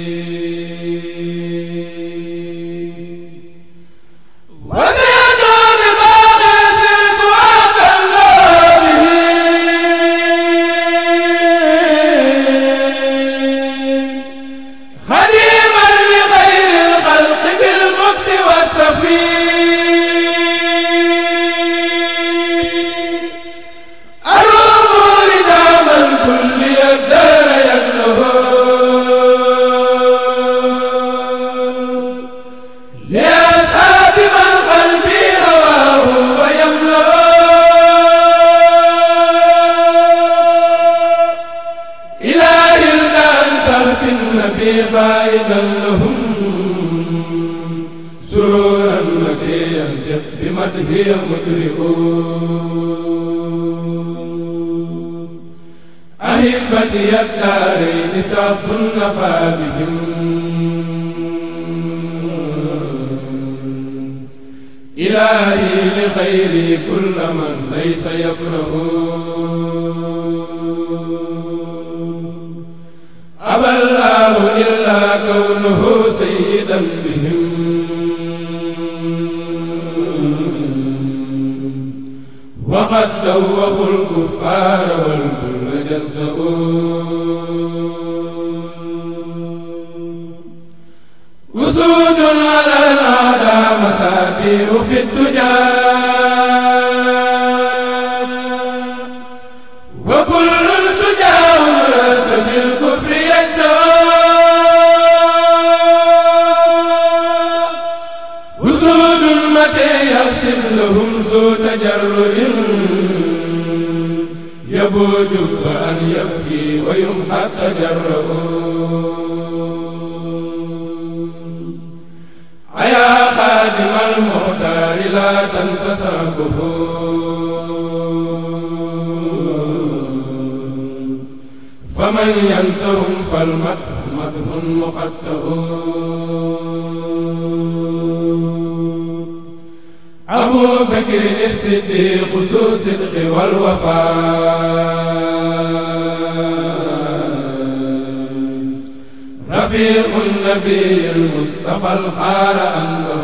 سعف نفى بهم إلهي لخير كل من ليس يفره أبى الله إلا كونه سيدا بهم وقد دوخوا الكفار والكل جزؤون ولنا دام سابير في الدجى وكل سجاع راس في الكفر يجزى وسود متى يصل لهم ذو تجرد يبوج وأن يبكي ويمحى التجرؤ المختار لا تنس سرقه فمن ينصرهم فالمدح مدح مخطئ أبو بكر الصديق ذو الصدق والوفاء رفيق النبي المصطفى الخار أمره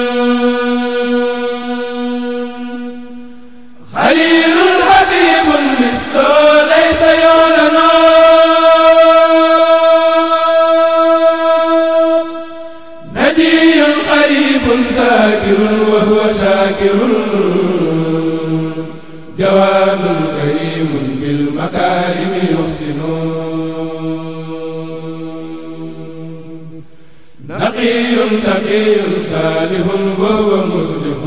تقي صالح وهو مصلح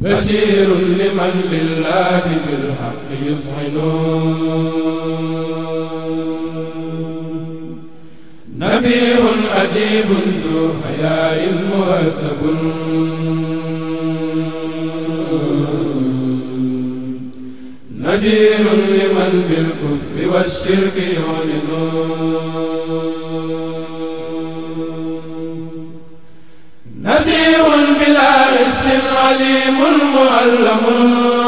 بشير لمن لله بالحق يصعنون نبي أديب ذو حياء مهذب نذير لمن بالكفر والشرك يعلن عليم معلم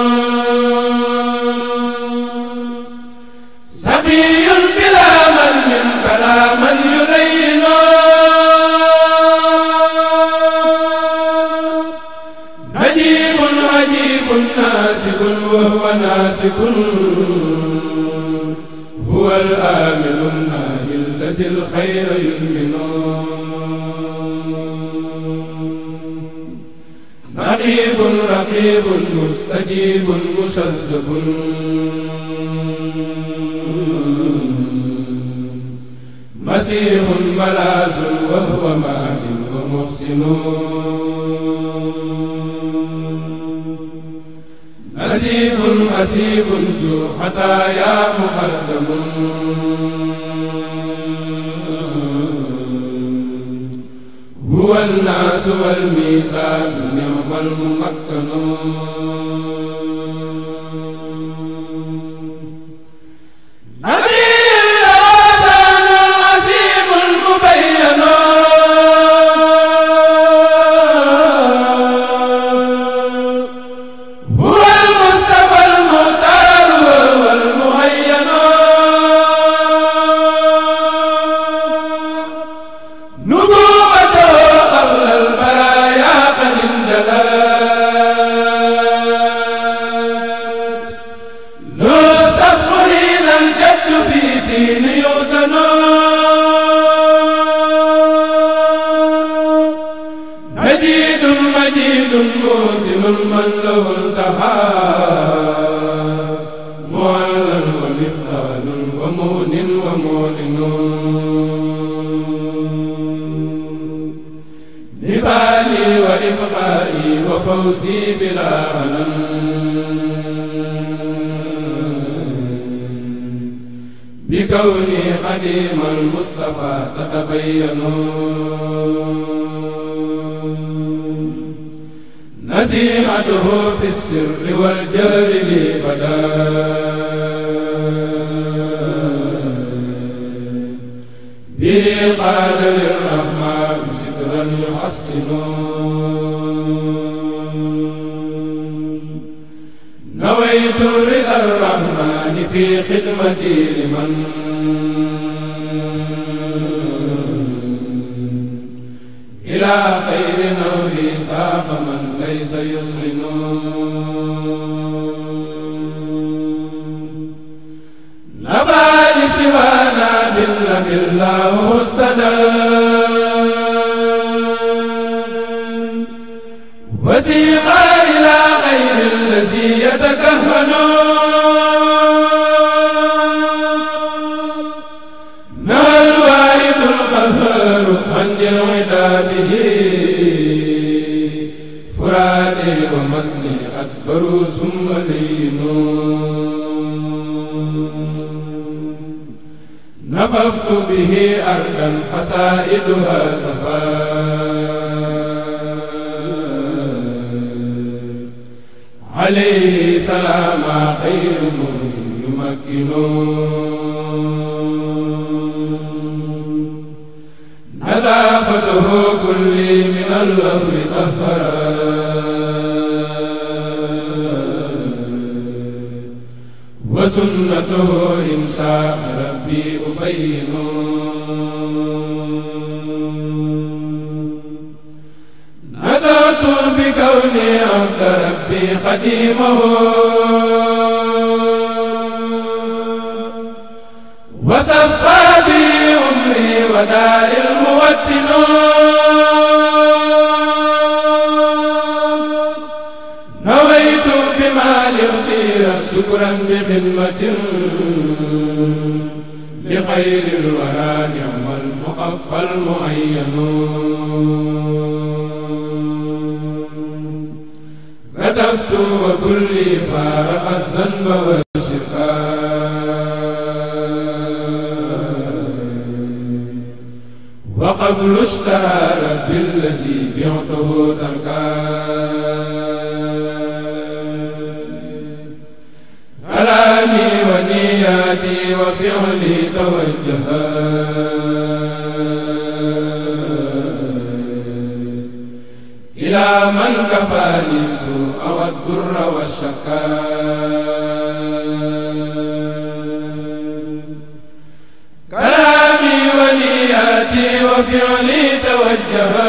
wa sunnatuhu insha rabbi ubayinu nazartu bi kawni abda rabbi xadimahu wa safa bi umri wa daaril muwattinu شكرا بخدمة لخير الورى نعم المقفى المعين كتبت وكلي فارق الذنب والشقاء وقبل اشتهى ربي الذي بعته تركان عافاني السوء والضر والشقاء كلامي ونياتي وفعلي توجها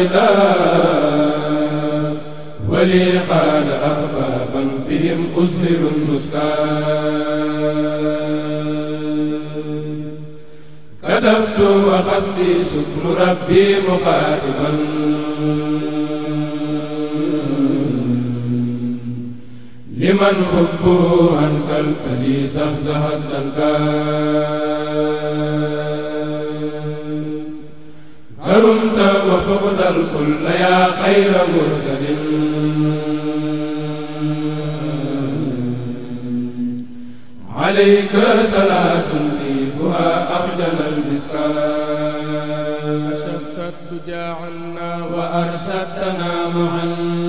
العلا ولي قال أخبابا بهم أزهر المسكان كتبت وقصدي شكر ربي مخاطبا لمن حبه عنك الذي زهزهت الأنكار فاقد الكل يا خير مرسل عليك صلاة تيبها أخجل المسكان شفت دجا عنا وأرشدتنا معا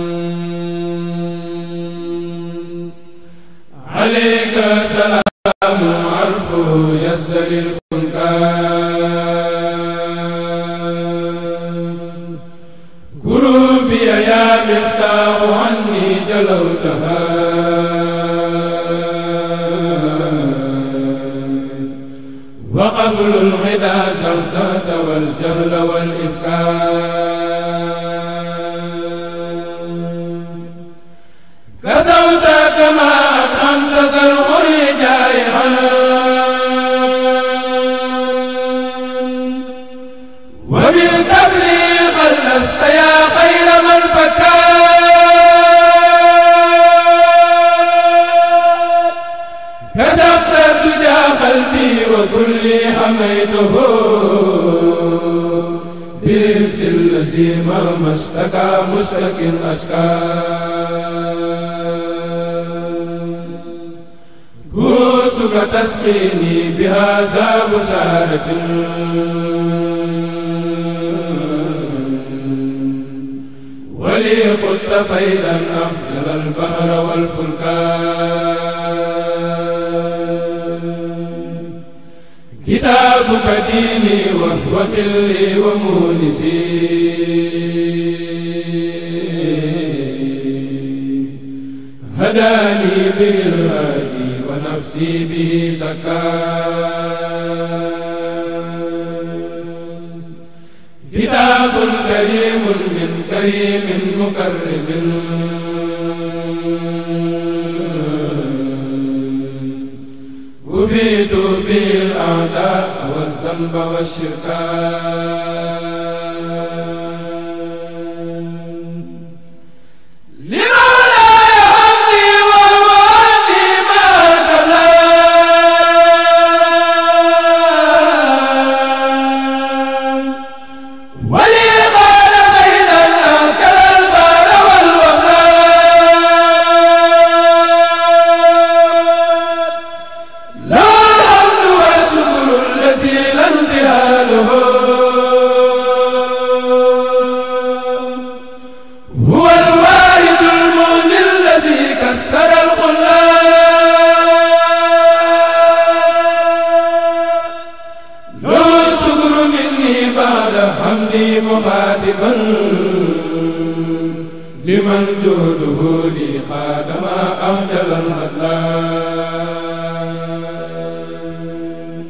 لمن جهده لي خادم أخجل الهدلان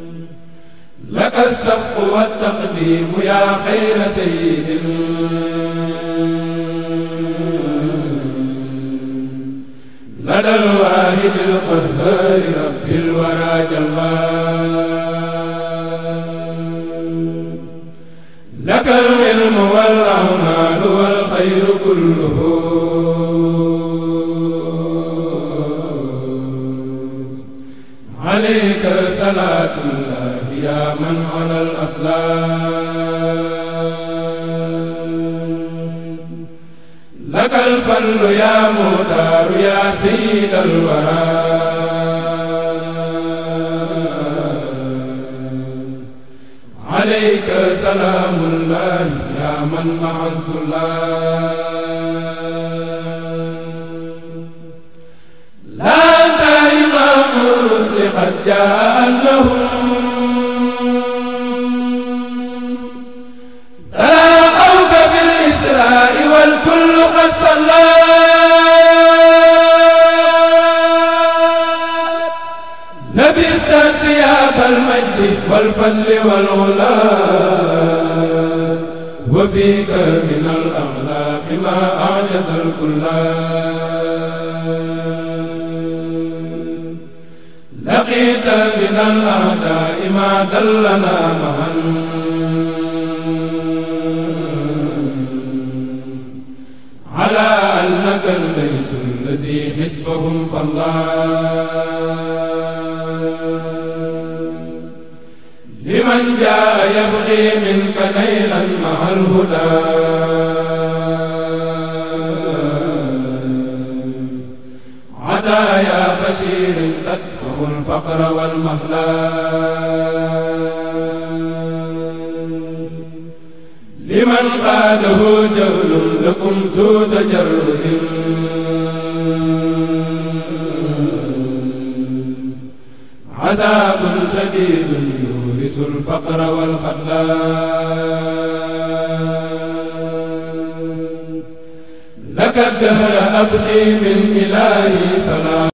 لك السبق والتقديم يا خير سيد لدى الواحد القهار رب الورى جلال لك العلم والأعمال والخير كله يا من على الأسلام لك الفل يا مدار يا سيد الورى عليك سلام الله يا من مع السلام لا أنت إمام الرسل قد جاء أنه والفضل والعلا وفيك من الأخلاق ما أعجز الكل لقيت من الأعداء ما دلنا مهن فهم فالله لمن جاء يبغي منك نيلا مع الهدى عدايا بشير تدفع الفقر والمهلال لمن قاده جهل لكم سوء تجرد عذاب شديد يورث الفقر والخذلان لك الدهر أبقي من إلهي سلام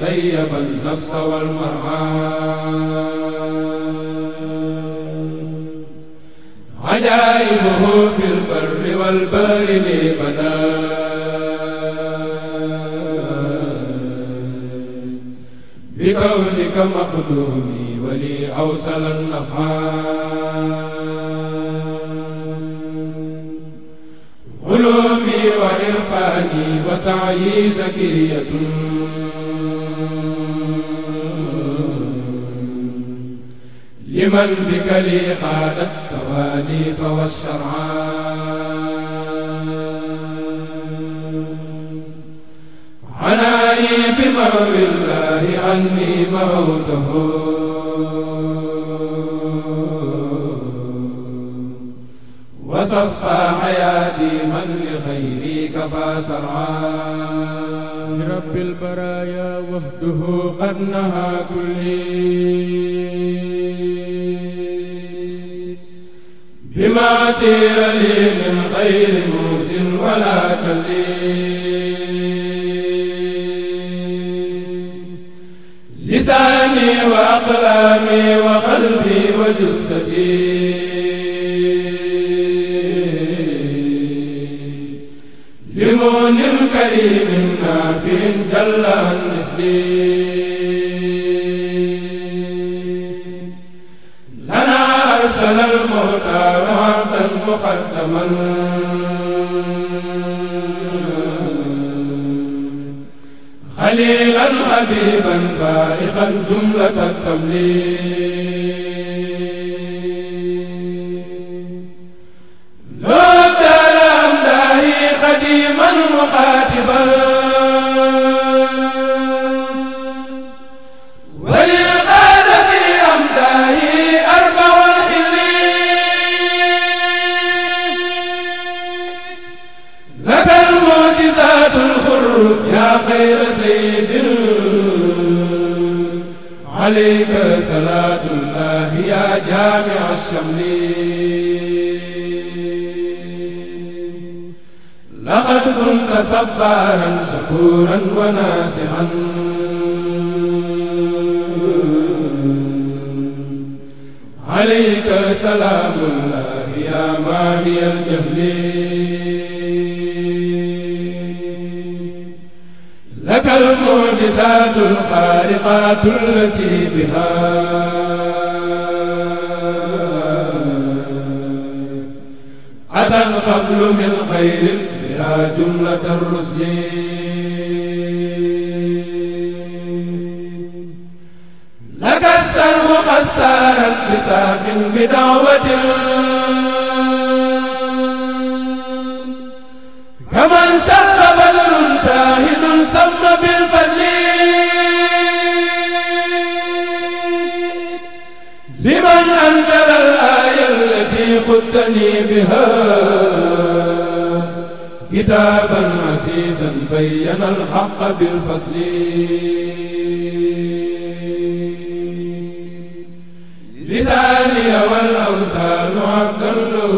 طيب النفس والمرعى عجائبه في البر والبر لي بدا بكونك مخدومي ولي أوصل النفعان أني وسعي زكية لمن بك لي خادت تواليف والشرعا عنائي بمرو الله عني موته وصفى حياتي من لغيره كفى سرعا رب البرايا وحده قد نهى كلي بما تير لي من غير موس ولا كلي لساني وأقلامي وقلبي وجثتي الكون الكريم النافع جل النسبي لنا أرسل المختار عبدا مقدما خليلا حبيبا فائقا جملة التمليك عليك صلاة الله يا جامع الشمل لقد كنت صبارا شكورا وناسحا عليك سلام الله يا ماهي الجهل المعجزات الخارقات التي بها عدا القبل من خير بها جملة الرسل لك السر قد سارت بساق بدعوة كمن شق بدر شاهد samna bil fadli liman anzala al aya allati qultani biha kitaban azizan bayyana al haqq bil fasli lisani wal awsanu abdallah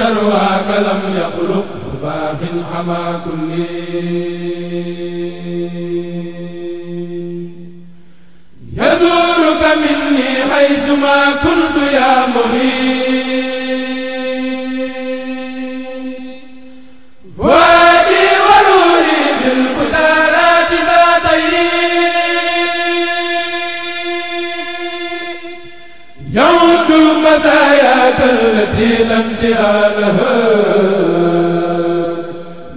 بشرها كلم يخلق باخ حما كل يزورك مني حيث ما كنت يا مغيث التي لا انتهى لها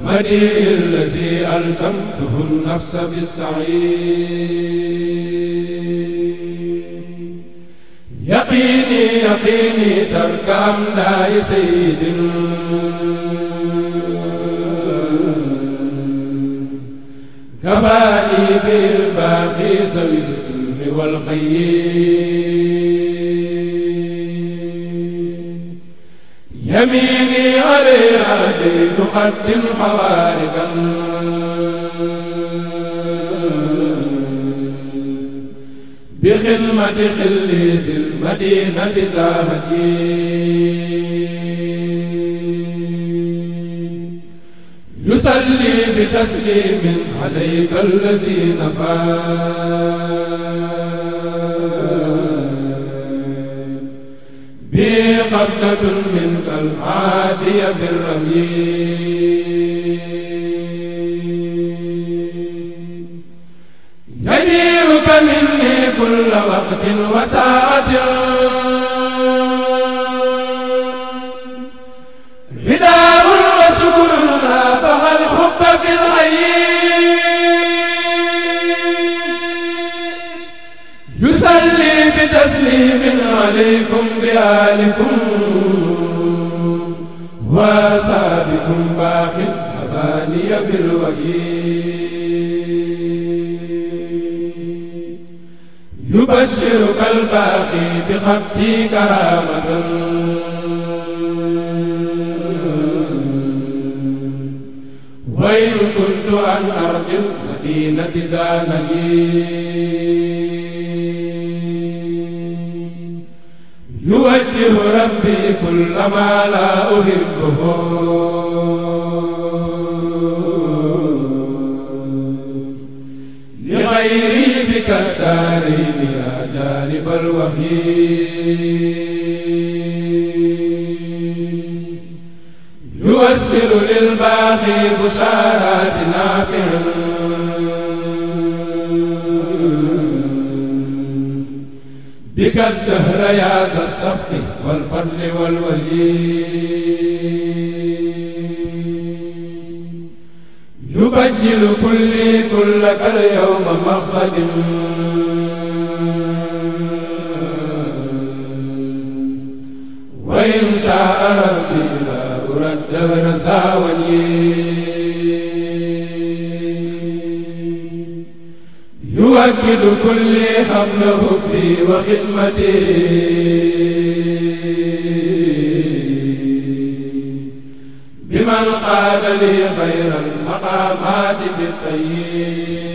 مديء الذي ألزمته النفس بالسعي يقيني يقيني ترك أملاء سيد كفاني بالباقي ذوي السلم والخير يميني عليها زيد خد حوارقا بخدمة خليس المدينة زاهدي يصلي بتسليم عليك الذي نفاق bi xabdatun minka al-aadiya bir-ramyi yadiiruka minni kulla waqtin wa saatin ridaa'un wa sukrun laa fahal hubba fil hayyi كريم عليكم بآلكم وصابكم باخ أباني بالوكيل يبشرك الباخي بخطي كرامة وإن كنت عن أرض المدينة زانني يوجه ربي كل ما لا أحبه لغيري بك الدارين يا جانب الوحيد يوسل للباقي بشارات نافعه بك الدهر يا ذا السبق والفضل والولي يبجل كلي كلك اليوم مخدم وإن شاء ربي لا أرد الدهر زاوني أؤكد كل حمل حبي وخدمتي بمن قاد لي خير المقامات بالطيب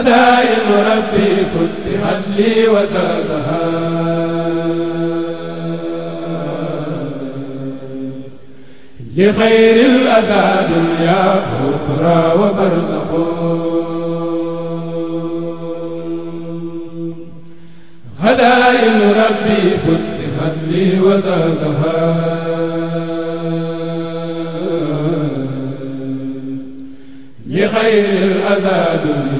خزائن ربي فتحت لي وساسها لخير الأزى دنيا أخرى وبرزخ خزائن ربي فتحت لي وساسها لخير الأزى دنيا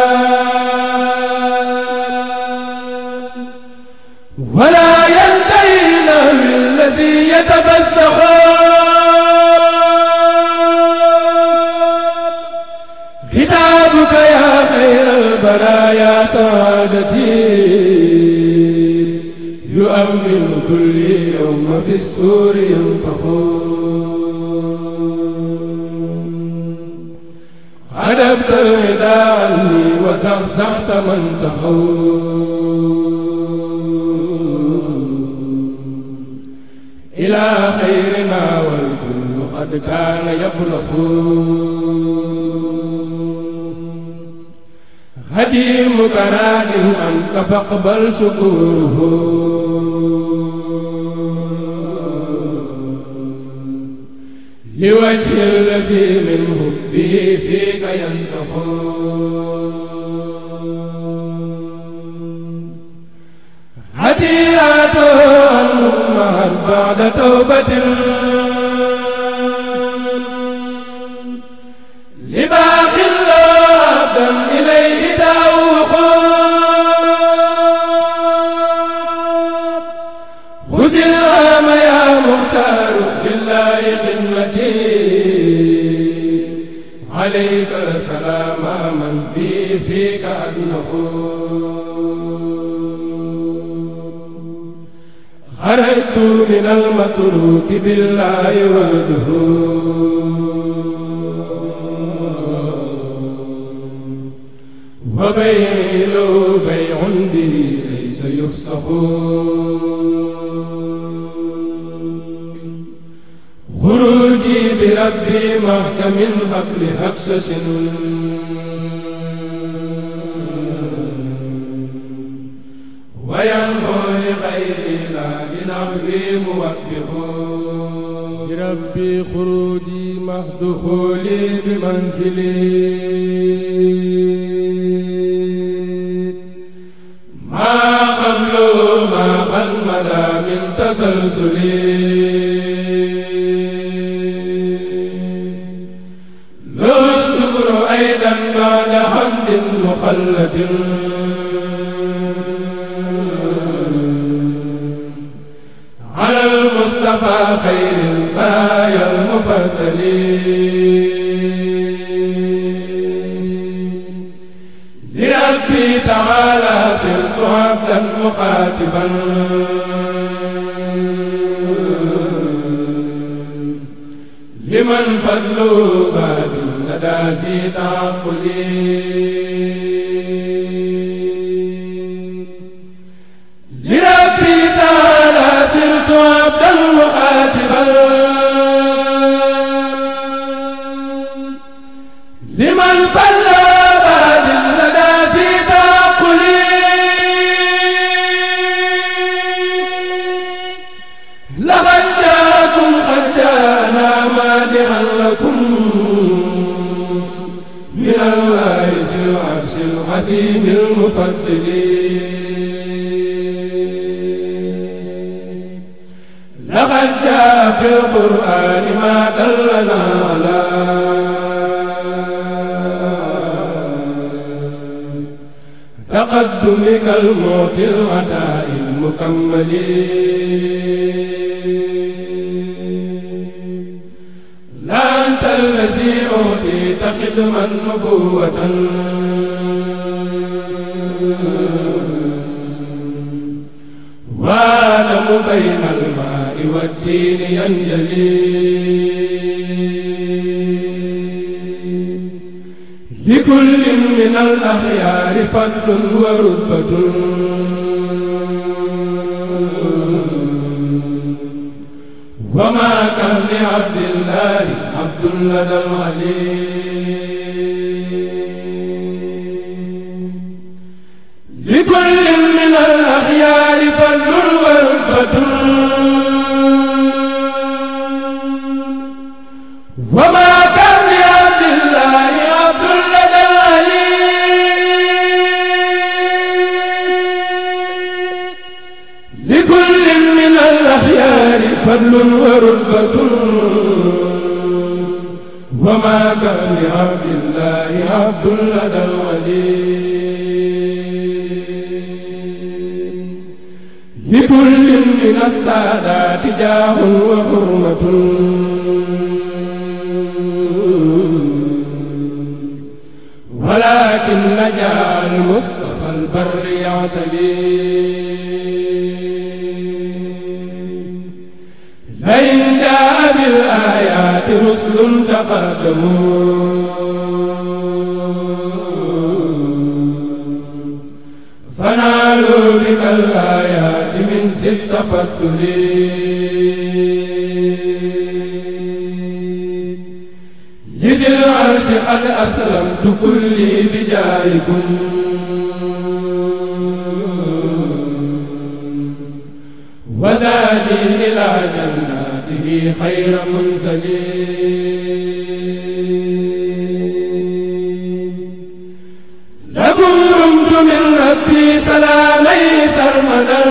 لنا يا سعادتي يؤمن كل يوم في السور ينفخون غلبت الغداء عني وزغزغت من تخون إلى خيرنا والكل قد كان يبلغون هديم كراد أنت فاقبل شكوره لوجه الذي منه به فيك ينسخ هديات أمهر بعد توبة لباب من بي فيك أنه خرجت من المتروك بالله وحده وبيني لو بيع به ليس يفسخون ربي محكم هب لهبسس وينهو لغيري لا بنحوي موبه بربي خروجي مع دخولي بمنزلي التفتل لذي العرش قد أسلمت كلي بجايكم وزادي إلى جناته خير منزلي لكم رمت من ربي سلامي سرمدا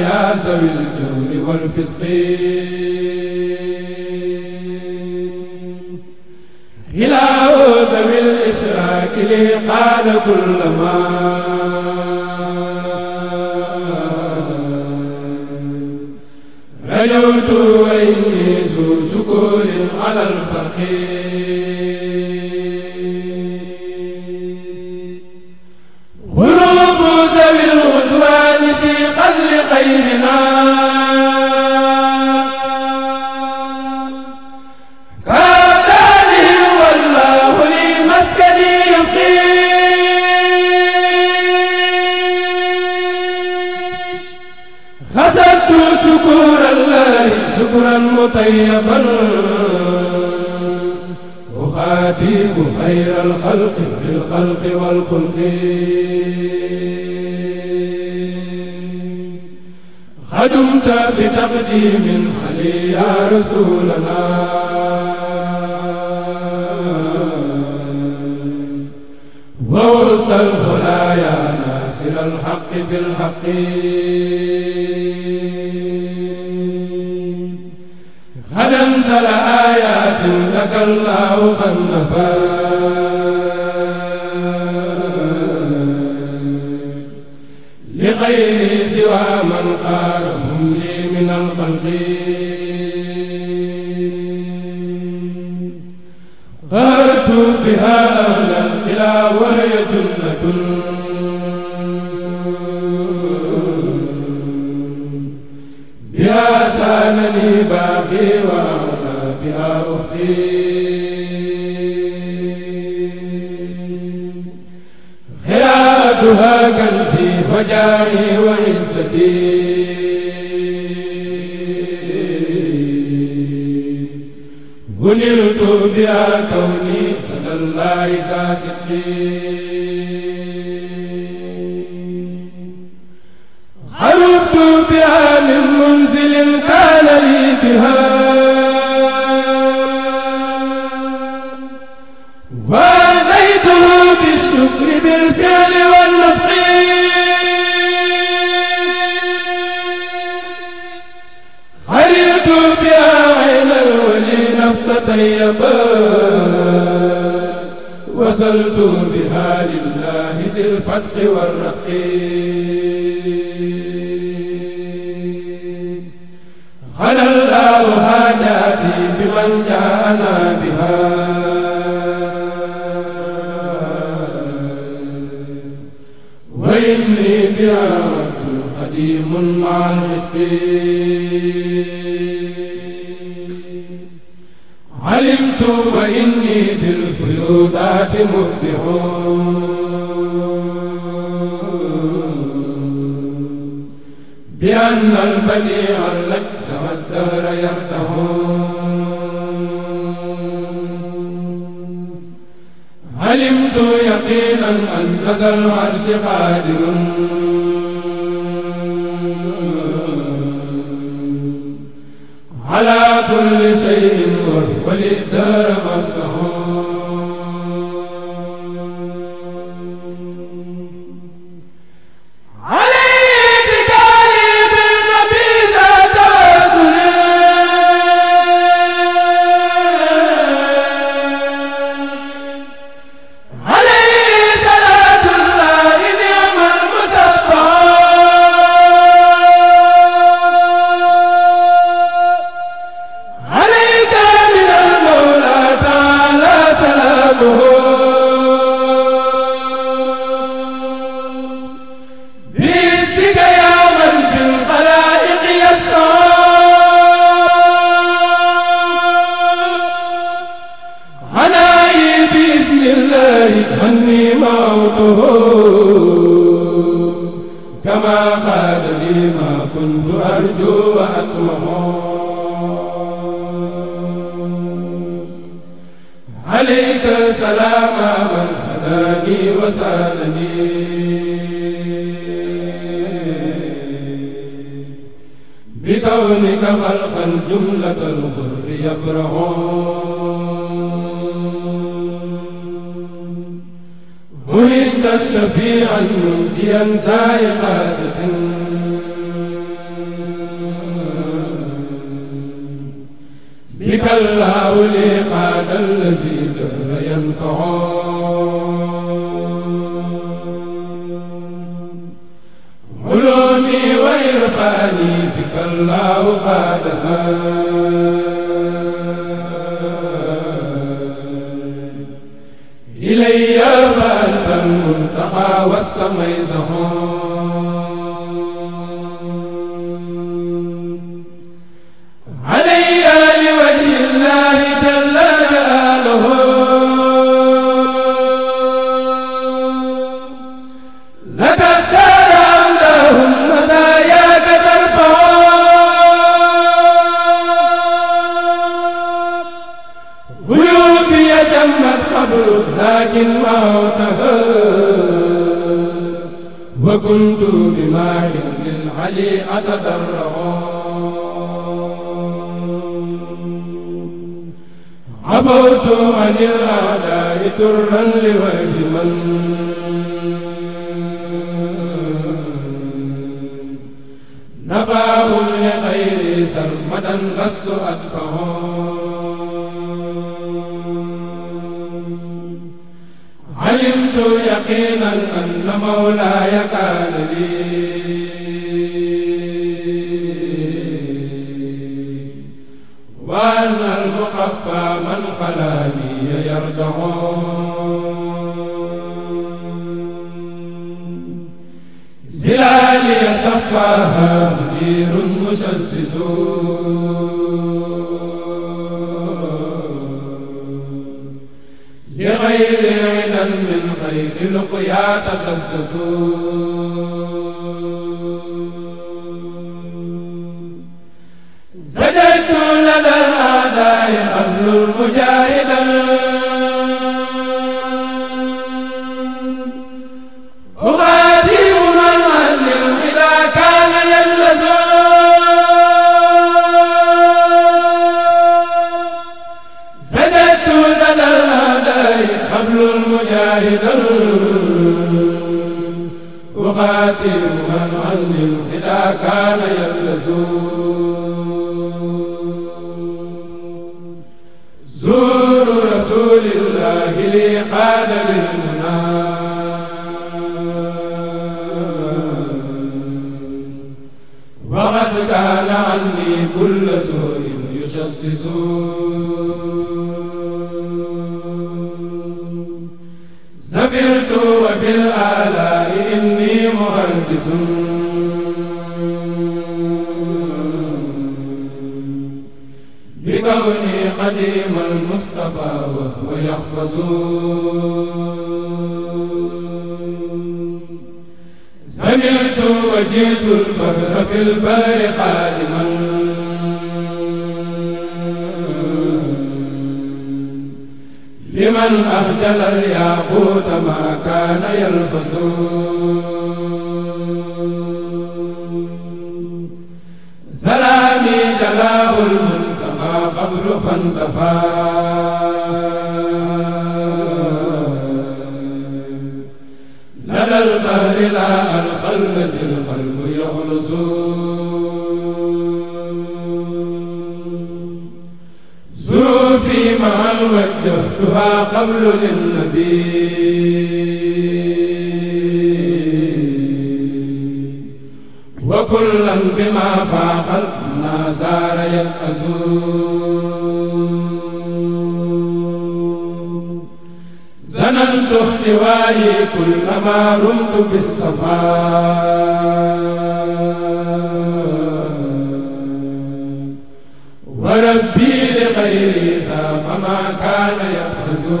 يا ذوي الجور والفسق هلال ذوي الإشراك لي قال كلما رجوت وإني ذو شكور على الفرق wa kullan bima faaxal nasaara yakazu zanantu ihtiwaayi kullama rumtu bissafaa wa rabbi li xayri saa fama kaana yakazu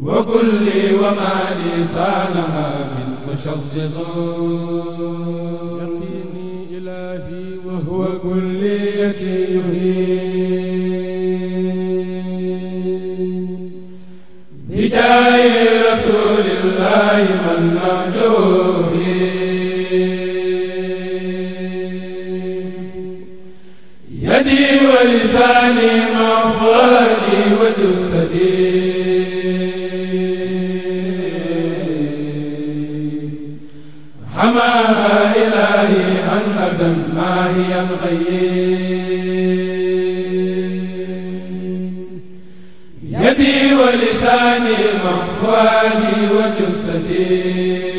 wa kulli wa ma li sana مشززون يقيني إلهي وهو كليتي يحيي القيم يدي ولساني وأفوالي وجثتي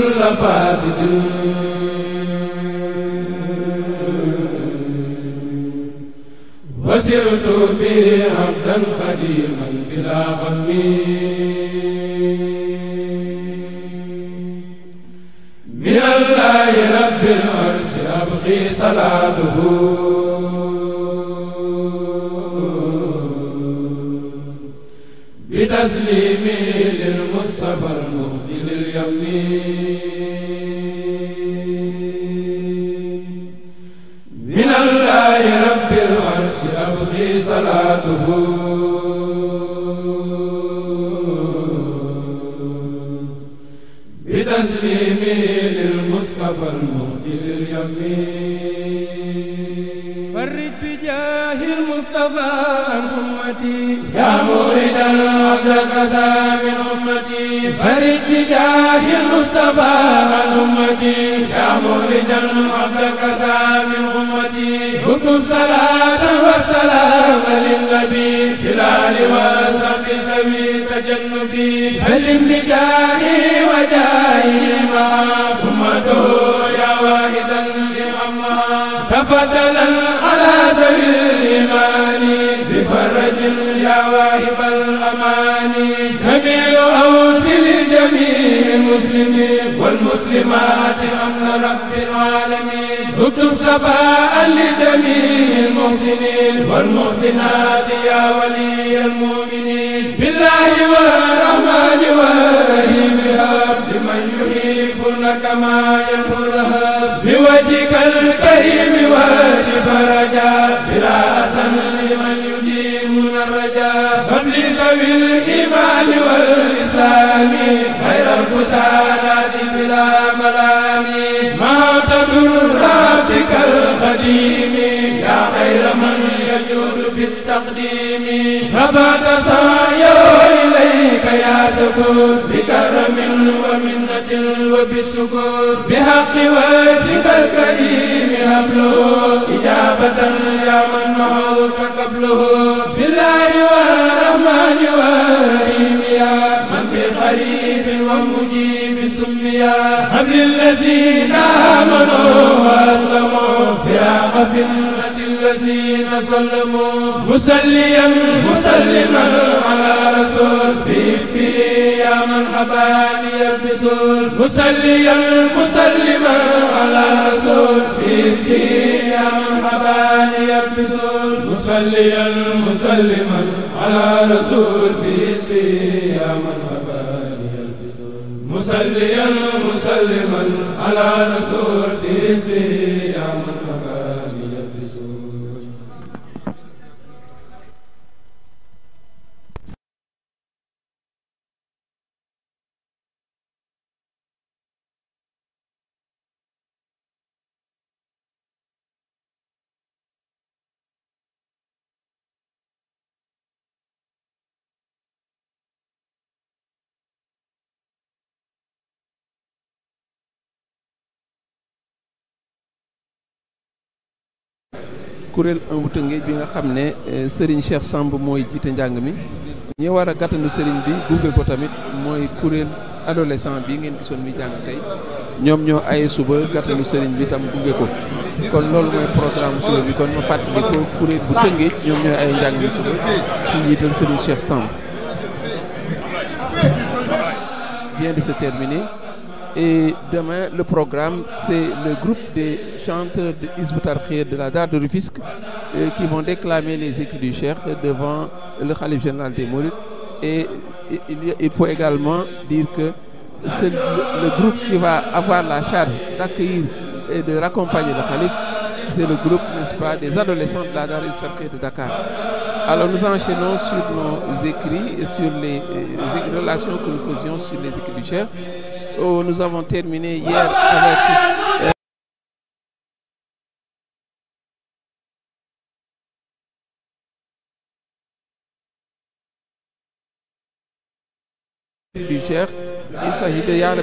كل فاسد وسرت به عبدا خديما بلا غم من الله رب العرش أبغي صلاته بتسليمي للمصطفى المهدي لليمين yaa murid al abda kaza min ummati فرد بجاه المصطفى الأمتي يا مولدا عبدك زاد أمتي كنت صلاة وسلام للنبي في الآل وصحب سوي تجنبي سلم بجاهي وجاهي معه أمته فرج يا واهب الأماني نبيل أوصل جميع المسلمين والمسلمات أمن رب العالمين اكتب صفاء لجميع المحسنين والمحسنات يا ولي المؤمنين بالله والرحمن والرحيم لمن يحبنا كما ينفرها بوجهك الكريم وجه فرجا بلا الإمام والإسلام خير البشارات بلا ملام ما تدر ربك الخديم يا خير من يجود بالتقديم رفعت سعيه إليك يا شكور بكرم ومنة وبشكور بحق وجهك الكريم هبله إجابة يا من معوك قبله الرحمن والرحيم يا من بقريب ومجيب سميا هب للذين آمنوا وأسلموا فراق في المسجد الذين سلموا مسليا مسلما على رسول في اسمه يا من حباني بسول مسليا مسلما على رسول في اسمه يا من حباني بسول مسليا مسلما على رسول في اسمه يا من مسليا مسلما على رسول في اسمه kuréel un bu Tëngéej bi nga xam ne euh, Serigne Cheikh Samb mooy jiite njàng mi ñi war a gàttandu Serigne bi gunge ko tamit mooy kuréel adolescent bi ngeen gisoon mi jàng tey ñoom ñoo aye suba gàttandu sëriñ bi tam gunge ko kon loolu mooy programme suba bi kon ma fàttali ko kuréel bu Tëngéej ñoom ñooy aye njàng mi suba ci njiital Serigne Cheikh Samb demain, le programme, c'est le groupe des chanteurs de Isbutarkhir de la Dare de Rufisque euh, qui vont déclamer les écrits du Cher devant le Khalif général des Mourides. Et, et il, faut également dire que c'est le, le, groupe qui va avoir la charge d'accueillir et de raccompagner le Khalif. C'est le groupe, nest des adolescents de la Dare de Dakar. nous enchaînons sur nos écrits et sur euh, les, relations que nous faisions sur les écrits du Cher. Oh, nous avons terminé hier avec... Euh, du euh, c'est un poème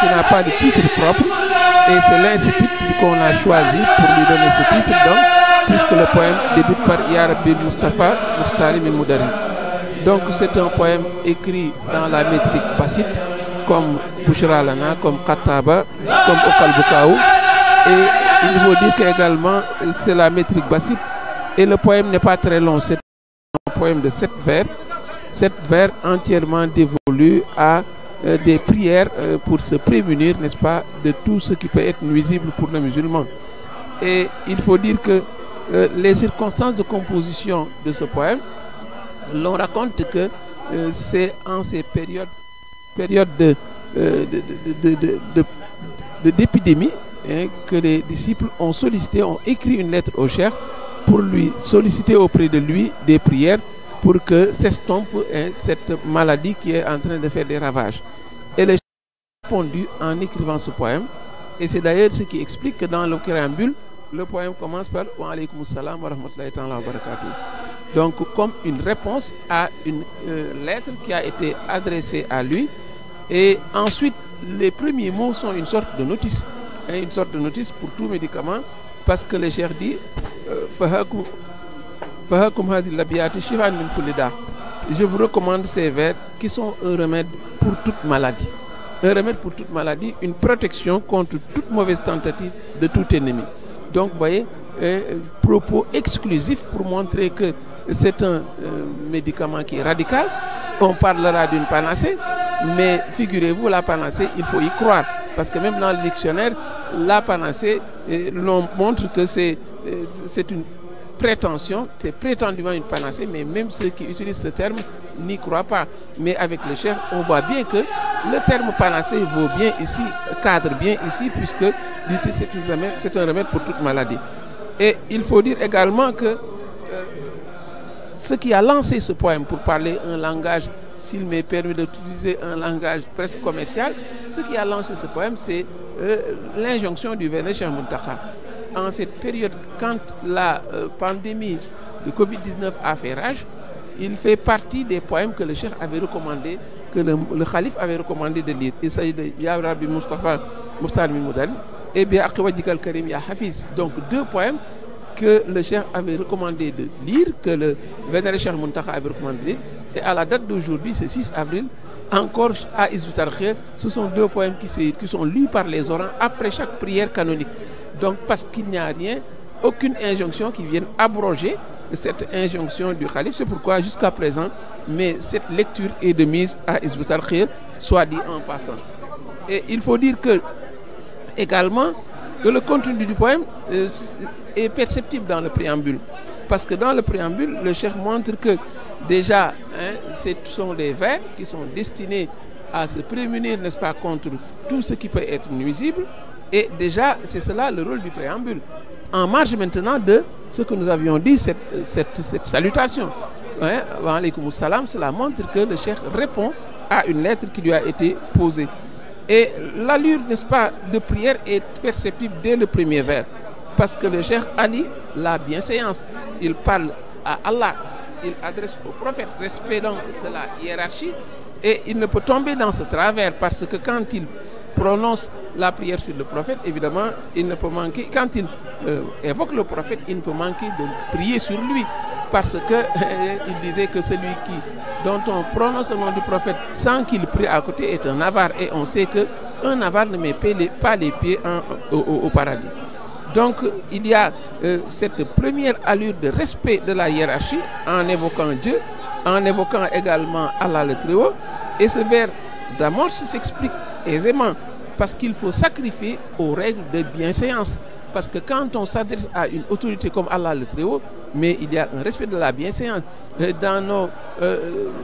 qui n'a pas de titre propre et c'est l'institut qu'on a choisi pour lui donner ce titre donc, puisque le poème débute par Ya Rabbi Mustafa Mukhtari Donc c'est un poème écrit dans la métrique bassite, comme Bouchra Lana, comme Kataba, comme Okalbukaou. Et il faut dire qu'également, c'est la métrique bassite. Et le poème n'est pas très long, c'est un poème de sept vers, sept vers entièrement dévolus à euh, des prières euh, pour se prémunir, n'est-ce pas, de tout ce qui peut être nuisible pour le musulmans. Et il faut dire que euh, les circonstances de composition de ce poème, l'on raconte que euh, c'est en ces périodes, périodes de, de, euh, d'épidémie de, de, de, hein, que les disciples ont sollicité, ont écrit une lettre au chef pour lui solliciter auprès de lui des prières pour que s'estompe hein, cette maladie qui est en train de faire des ravages. Et le chef a répondu en écrivant ce poème. Et c'est d'ailleurs ce qui explique que dans le préambule, le poème commence par wa aleykum salaam wa rahmatullahi taala Donc, comme une réponse à une euh, lettre qui a été adressée à lui. Et ensuite, les premiers mots sont une sorte de notice. Hein, une sorte de notice pour tout médicament. Parce que le cheikh dit euh, fahakum fahakum hazil labiyati shifaan min Je vous recommande ces vers qui sont pour toute maladie. Un remède pour toute maladie, une protection contre toute mauvaise tentative de tout ennemi. Donc, vous voyez, euh, propos exclusif pour montrer que c'est un euh, médicament qui est radical. On parlera d'une panacée, mais figurez-vous, la panacée, il faut y croire. Parce que même dans le dictionnaire, la panacée, euh, l'on montre que c'est une prétention, c'est prétendument une panacée, mais même ceux qui utilisent ce terme n'y croient pas. Mais avec le chef, on voit bien que le terme panacée vaut bien ici, cadre bien ici, puisque c'est un remède pour toute maladie. Et il faut dire également que euh, ce qui a lancé ce poème pour parler un langage, s'il m'est permis d'utiliser un langage presque commercial, ce qui a lancé ce poème, c'est euh, l'injonction du Véné Cheikh En cette période, quand la euh, pandémie de Covid-19 a fait rage, il fait partie des poèmes que le cheikh avait recommandé, que le, le calife avait recommandé de lire. Il s'agit de Ya Rabbi Mustafa Mukhtar Mimoudal et bien Akhwadjikal Karim Ya Hafiz. Donc deux poèmes que le cheikh avait recommandé de lire, que le vénéré cheikh Muntaha avait recommandé de lire. Et à la date d'aujourd'hui, c'est 6 avril, encore à Isbutarkhir, ce sont deux poèmes qui, qui sont lus par les orants après chaque prière canonique. Donc parce qu'il n'y a rien, aucune injonction qui vienne cette injonction du calife. C'est pourquoi jusqu'à présent, mais cette lecture est de mise à Hizbut al soit dit en passant. Et il faut dire que également le contenu du poème euh, est perceptible dans le préambule. Parce que dans le préambule, le chef montre que déjà, hein, ce sont des vers qui sont destinés à se prémunir, n'est-ce pas, contre tout ce qui peut être nuisible. Et déjà, c'est cela le rôle du préambule. En marge maintenant de ce que nous avions dit, cette, cette, cette salutation. Hein, salam, cela montre que le cheikh répond à une lettre qui lui a été posée. Et l'allure, n'est-ce pas, de prière est perceptible dès le premier vers. Parce que le cheikh Ali, la bienséance, il parle à Allah, il adresse au prophète, respect donc de la hiérarchie, et il ne peut tomber dans ce travers parce que quand il prononce la prière sur le prophète, évidemment, il ne peut manquer, quand il euh, évoque le prophète, il ne peut manquer de prier sur lui. Parce que euh, il disait que celui qui, dont on prononce le nom du prophète sans qu'il prie à côté est un avare. Et on sait que un avare ne met pas les pieds en, au, au, paradis. Donc il y a euh, cette première allure de respect de la hiérarchie en évoquant Dieu, en évoquant également Allah le Très-Haut. Et ce vers d'amorce s'explique aisément parce qu'il faut sacrifier aux règles de bienséance. Parce que quand on s'adresse à une autorité comme Allah le Très-Haut, mais il y a un respect de la bienséance. Euh, dans nos euh,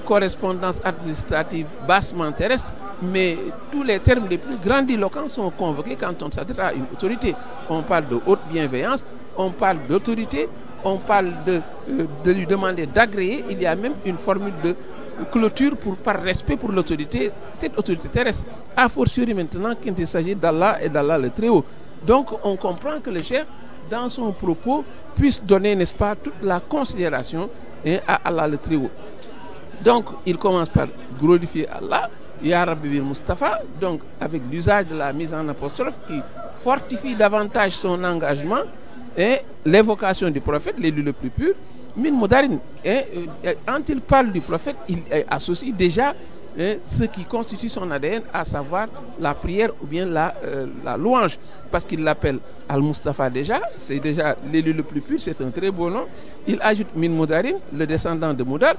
correspondances administratives bassement terrestres, mais tous les termes les plus grandiloquents sont convoqués quand on s'adresse à une autorité. On parle de haute bienveillance, on parle d'autorité, on parle de, euh, de lui demander d'agréer. Il y a même une formule de clôture pour, par respect pour l'autorité, cette autorité terrestre. A fortiori maintenant quand il s'agit d'Allah et d'Allah le Très-Haut. Donc on comprend que le chef, dans son propos, puisse donner, n'est-ce pas, toute la considération et à Allah le très Donc il commence par glorifier Allah, Ya Rabbi bil Mustafa, donc avec l'usage de la mise en apostrophe qui fortifie davantage son engagement et l'évocation du prophète, l'élu le plus pur. Min Modarin, euh, euh, quand il parle du prophète, il euh, associe déjà ce qui constitue son ADN, à savoir la prière ou bien la, euh, la louange, parce qu'il l'appelle Al-Mustafa déjà, c'est déjà l'élu le plus pur, c'est un très beau nom. Il ajoute Min Moudarin, le descendant de Moudar.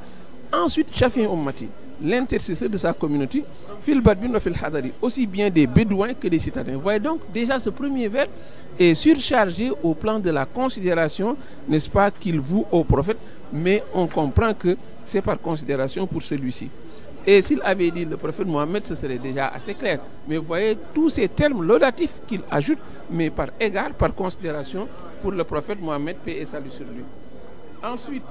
Ensuite, Shafin Ummati, l'intercesseur de sa communauté, Fil Badbin Fil Hadari, aussi bien des Bédouins que des citadins. Voyez donc déjà ce premier vers et surchargé au plan de la considération, n'est-ce pas, qu'il voue au prophète, mais on comprend que c'est par considération pour celui-ci. Et s'il avait dit le prophète Mohammed, ce serait déjà assez clair. Mais vous voyez tous ces termes laudatifs qu'il ajoute, mais par égard, par considération pour le prophète Mohammed, paix et salut sur lui. Ensuite,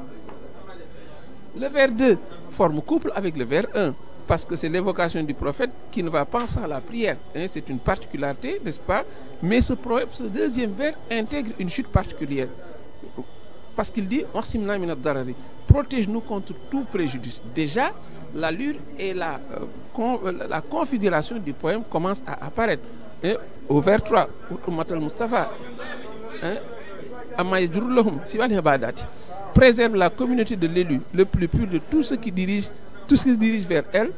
le vers 2 forme couple avec le vers 1. parce que c'est l'évocation du prophète qui ne va pas sans la prière. Hein, c'est une particularité, n'est-ce pas Mais ce, prophète, ce deuxième vers intègre une chute particulière. Parce qu'il dit Protège-nous contre tout préjudice. Déjà, l'allure et la, euh, euh la configuration du poème commence à apparaître. Hein, au vers 3, Matal Mustafa, Préserve la communauté de l'élu, le plus pur de tous ceux qui dirigent tout ce qui se dirige vers elle,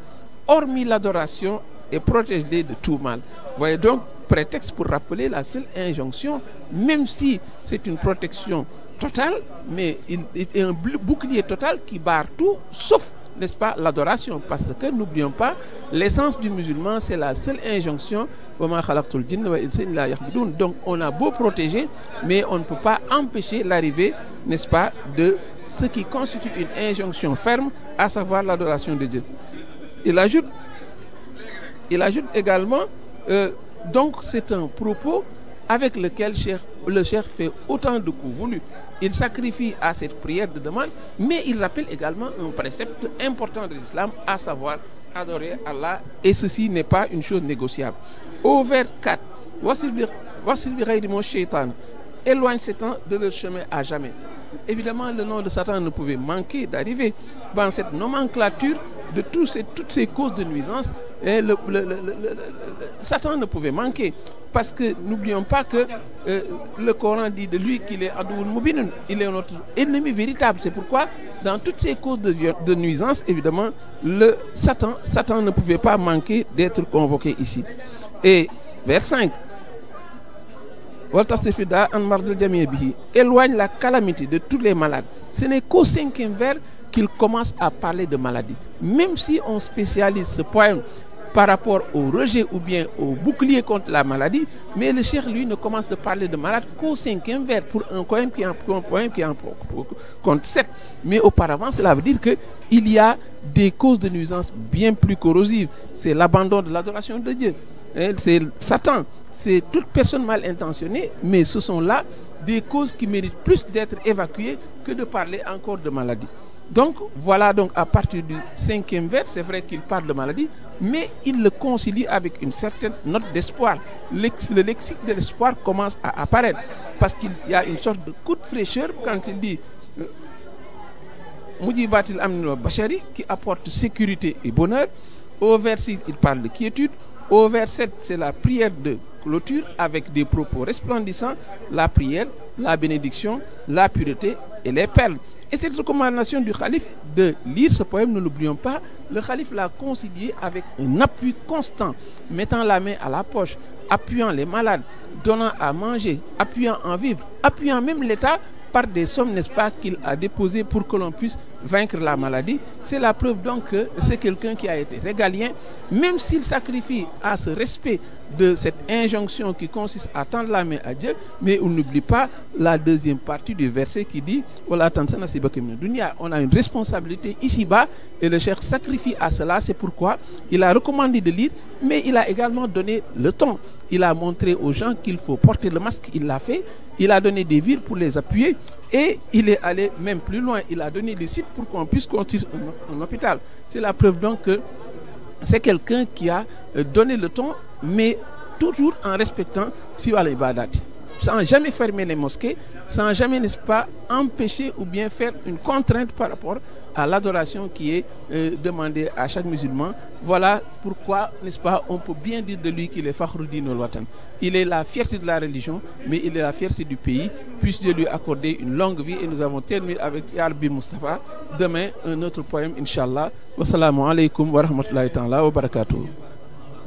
hormis l'adoration, est protégé de tout mal. Voyez donc prétexte pour rappeler la seule injonction, même si c'est une protection totale, mais il est un bouclier total qui barre tout, sauf, n'est-ce pas, l'adoration. Parce que n'oublions pas, l'essence du musulman, c'est la seule injonction. Donc on a beau protéger, mais on ne peut pas empêcher l'arrivée, n'est-ce pas, de ce qui constitue une injonction ferme à savoir l'adoration de Dieu. Il ajoute, il ajoute également, euh, donc c'est un propos avec lequel le chef fait autant de coups voulus. Il sacrifie à cette prière de demande, mais il rappelle également un précepte important de l'islam, à savoir adorer Allah, et ceci n'est pas une chose négociable. Au vers 4, Éloigne Satan de leur chemin à jamais. évidemment le nom de Satan ne pouvait manquer d'arriver dans cette nomenclature de tous ces, toutes ces causes de nuisance. Et le, le, le, Satan ne pouvait manquer. Parce que n'oublions pas que euh, le Coran dit de lui qu'il est Adoun Moubinun, il est notre ennemi véritable. C'est pourquoi, dans toutes ces causes de, de nuisance, évidemment, le Satan, Satan ne pouvait pas manquer d'être convoqué ici. Et vers wal tasrifida an mardal jamia bihi éloigne la calamité de tous les malades ce n'est qu'au cinquième vers qu'il commence à parler de maladie même si on spécialise ce poème par rapport au rejet ou bien au bouclier contre la maladie mais le cheikh lui ne commence de parler de malade qu'au cinquième vers pour un poème qui en un poème qui sept mais auparavant cela veut dire que il y a des causes de nuisance bien plus corrosives c'est l'abandon de l'adoration de Dieu eh, c'est c'est toute personne mal intentionnée, mais ce sont là des causes qui méritent plus d'être évacuées que de parler encore de maladie. Donc voilà donc à partir du cinquième vers, c'est vrai qu'il parle de maladie, mais il le concilie avec une certaine note d'espoir. Le lexique de l'espoir commence à apparaître parce qu'il y a une sorte de coup de fraîcheur quand il dit euh, Mujibatil Amnul Bachari qui apporte sécurité et bonheur. Au vers 6, parle de quiétude. Au vers 7, c'est la prière de clôture avec des propos resplendissants, la prière, la bénédiction, la pureté et les perles. Et cette recommandation du calife de lire ce poème, ne l'oublions pas, le calife l'a concilié avec un appui constant, mettant la main à la poche, appuyant les malades, donnant à manger, appuyant en vivre, appuyant même l'État par des sommes, n'est-ce pas, qu'il a déposées pour que l'on puisse vaincre la maladie. C'est la preuve donc que c'est quelqu'un qui a été régalien, même s'il à ce de cette injonction qui consiste à tendre la main à Dieu, mais on n'oublie pas la deuxième partie du verset qui dit On a une responsabilité ici-bas et le cher sacrifie à cela. C'est pourquoi il a recommandé de lire, mais il a également donné le temps. Il a montré aux gens qu'il faut porter le masque, il l'a fait. Il a donné des villes pour les appuyer et il est allé même plus loin. Il a donné des sites pour qu'on puisse construire un, un la preuve donc que c'est quelqu'un qui euh, le temps mais toujours en respectant Siwal Ibadat. Sans jamais fermer les mosquées, sans jamais, n'est-ce pas, empêcher ou bien faire une contrainte par rapport à l'adoration qui est euh, demandée à chaque musulman. Voilà pourquoi, n'est-ce pas, on peut bien dire de lui qu'il est Fakhruddin al-Watan. Il est la fierté de la religion, mais il est la fierté du pays. Puisse Dieu lui accorder une longue vie. Et nous avons terminé avec Yarbi Mustafa. Demain, un autre poème, Inch'Allah. Wassalamu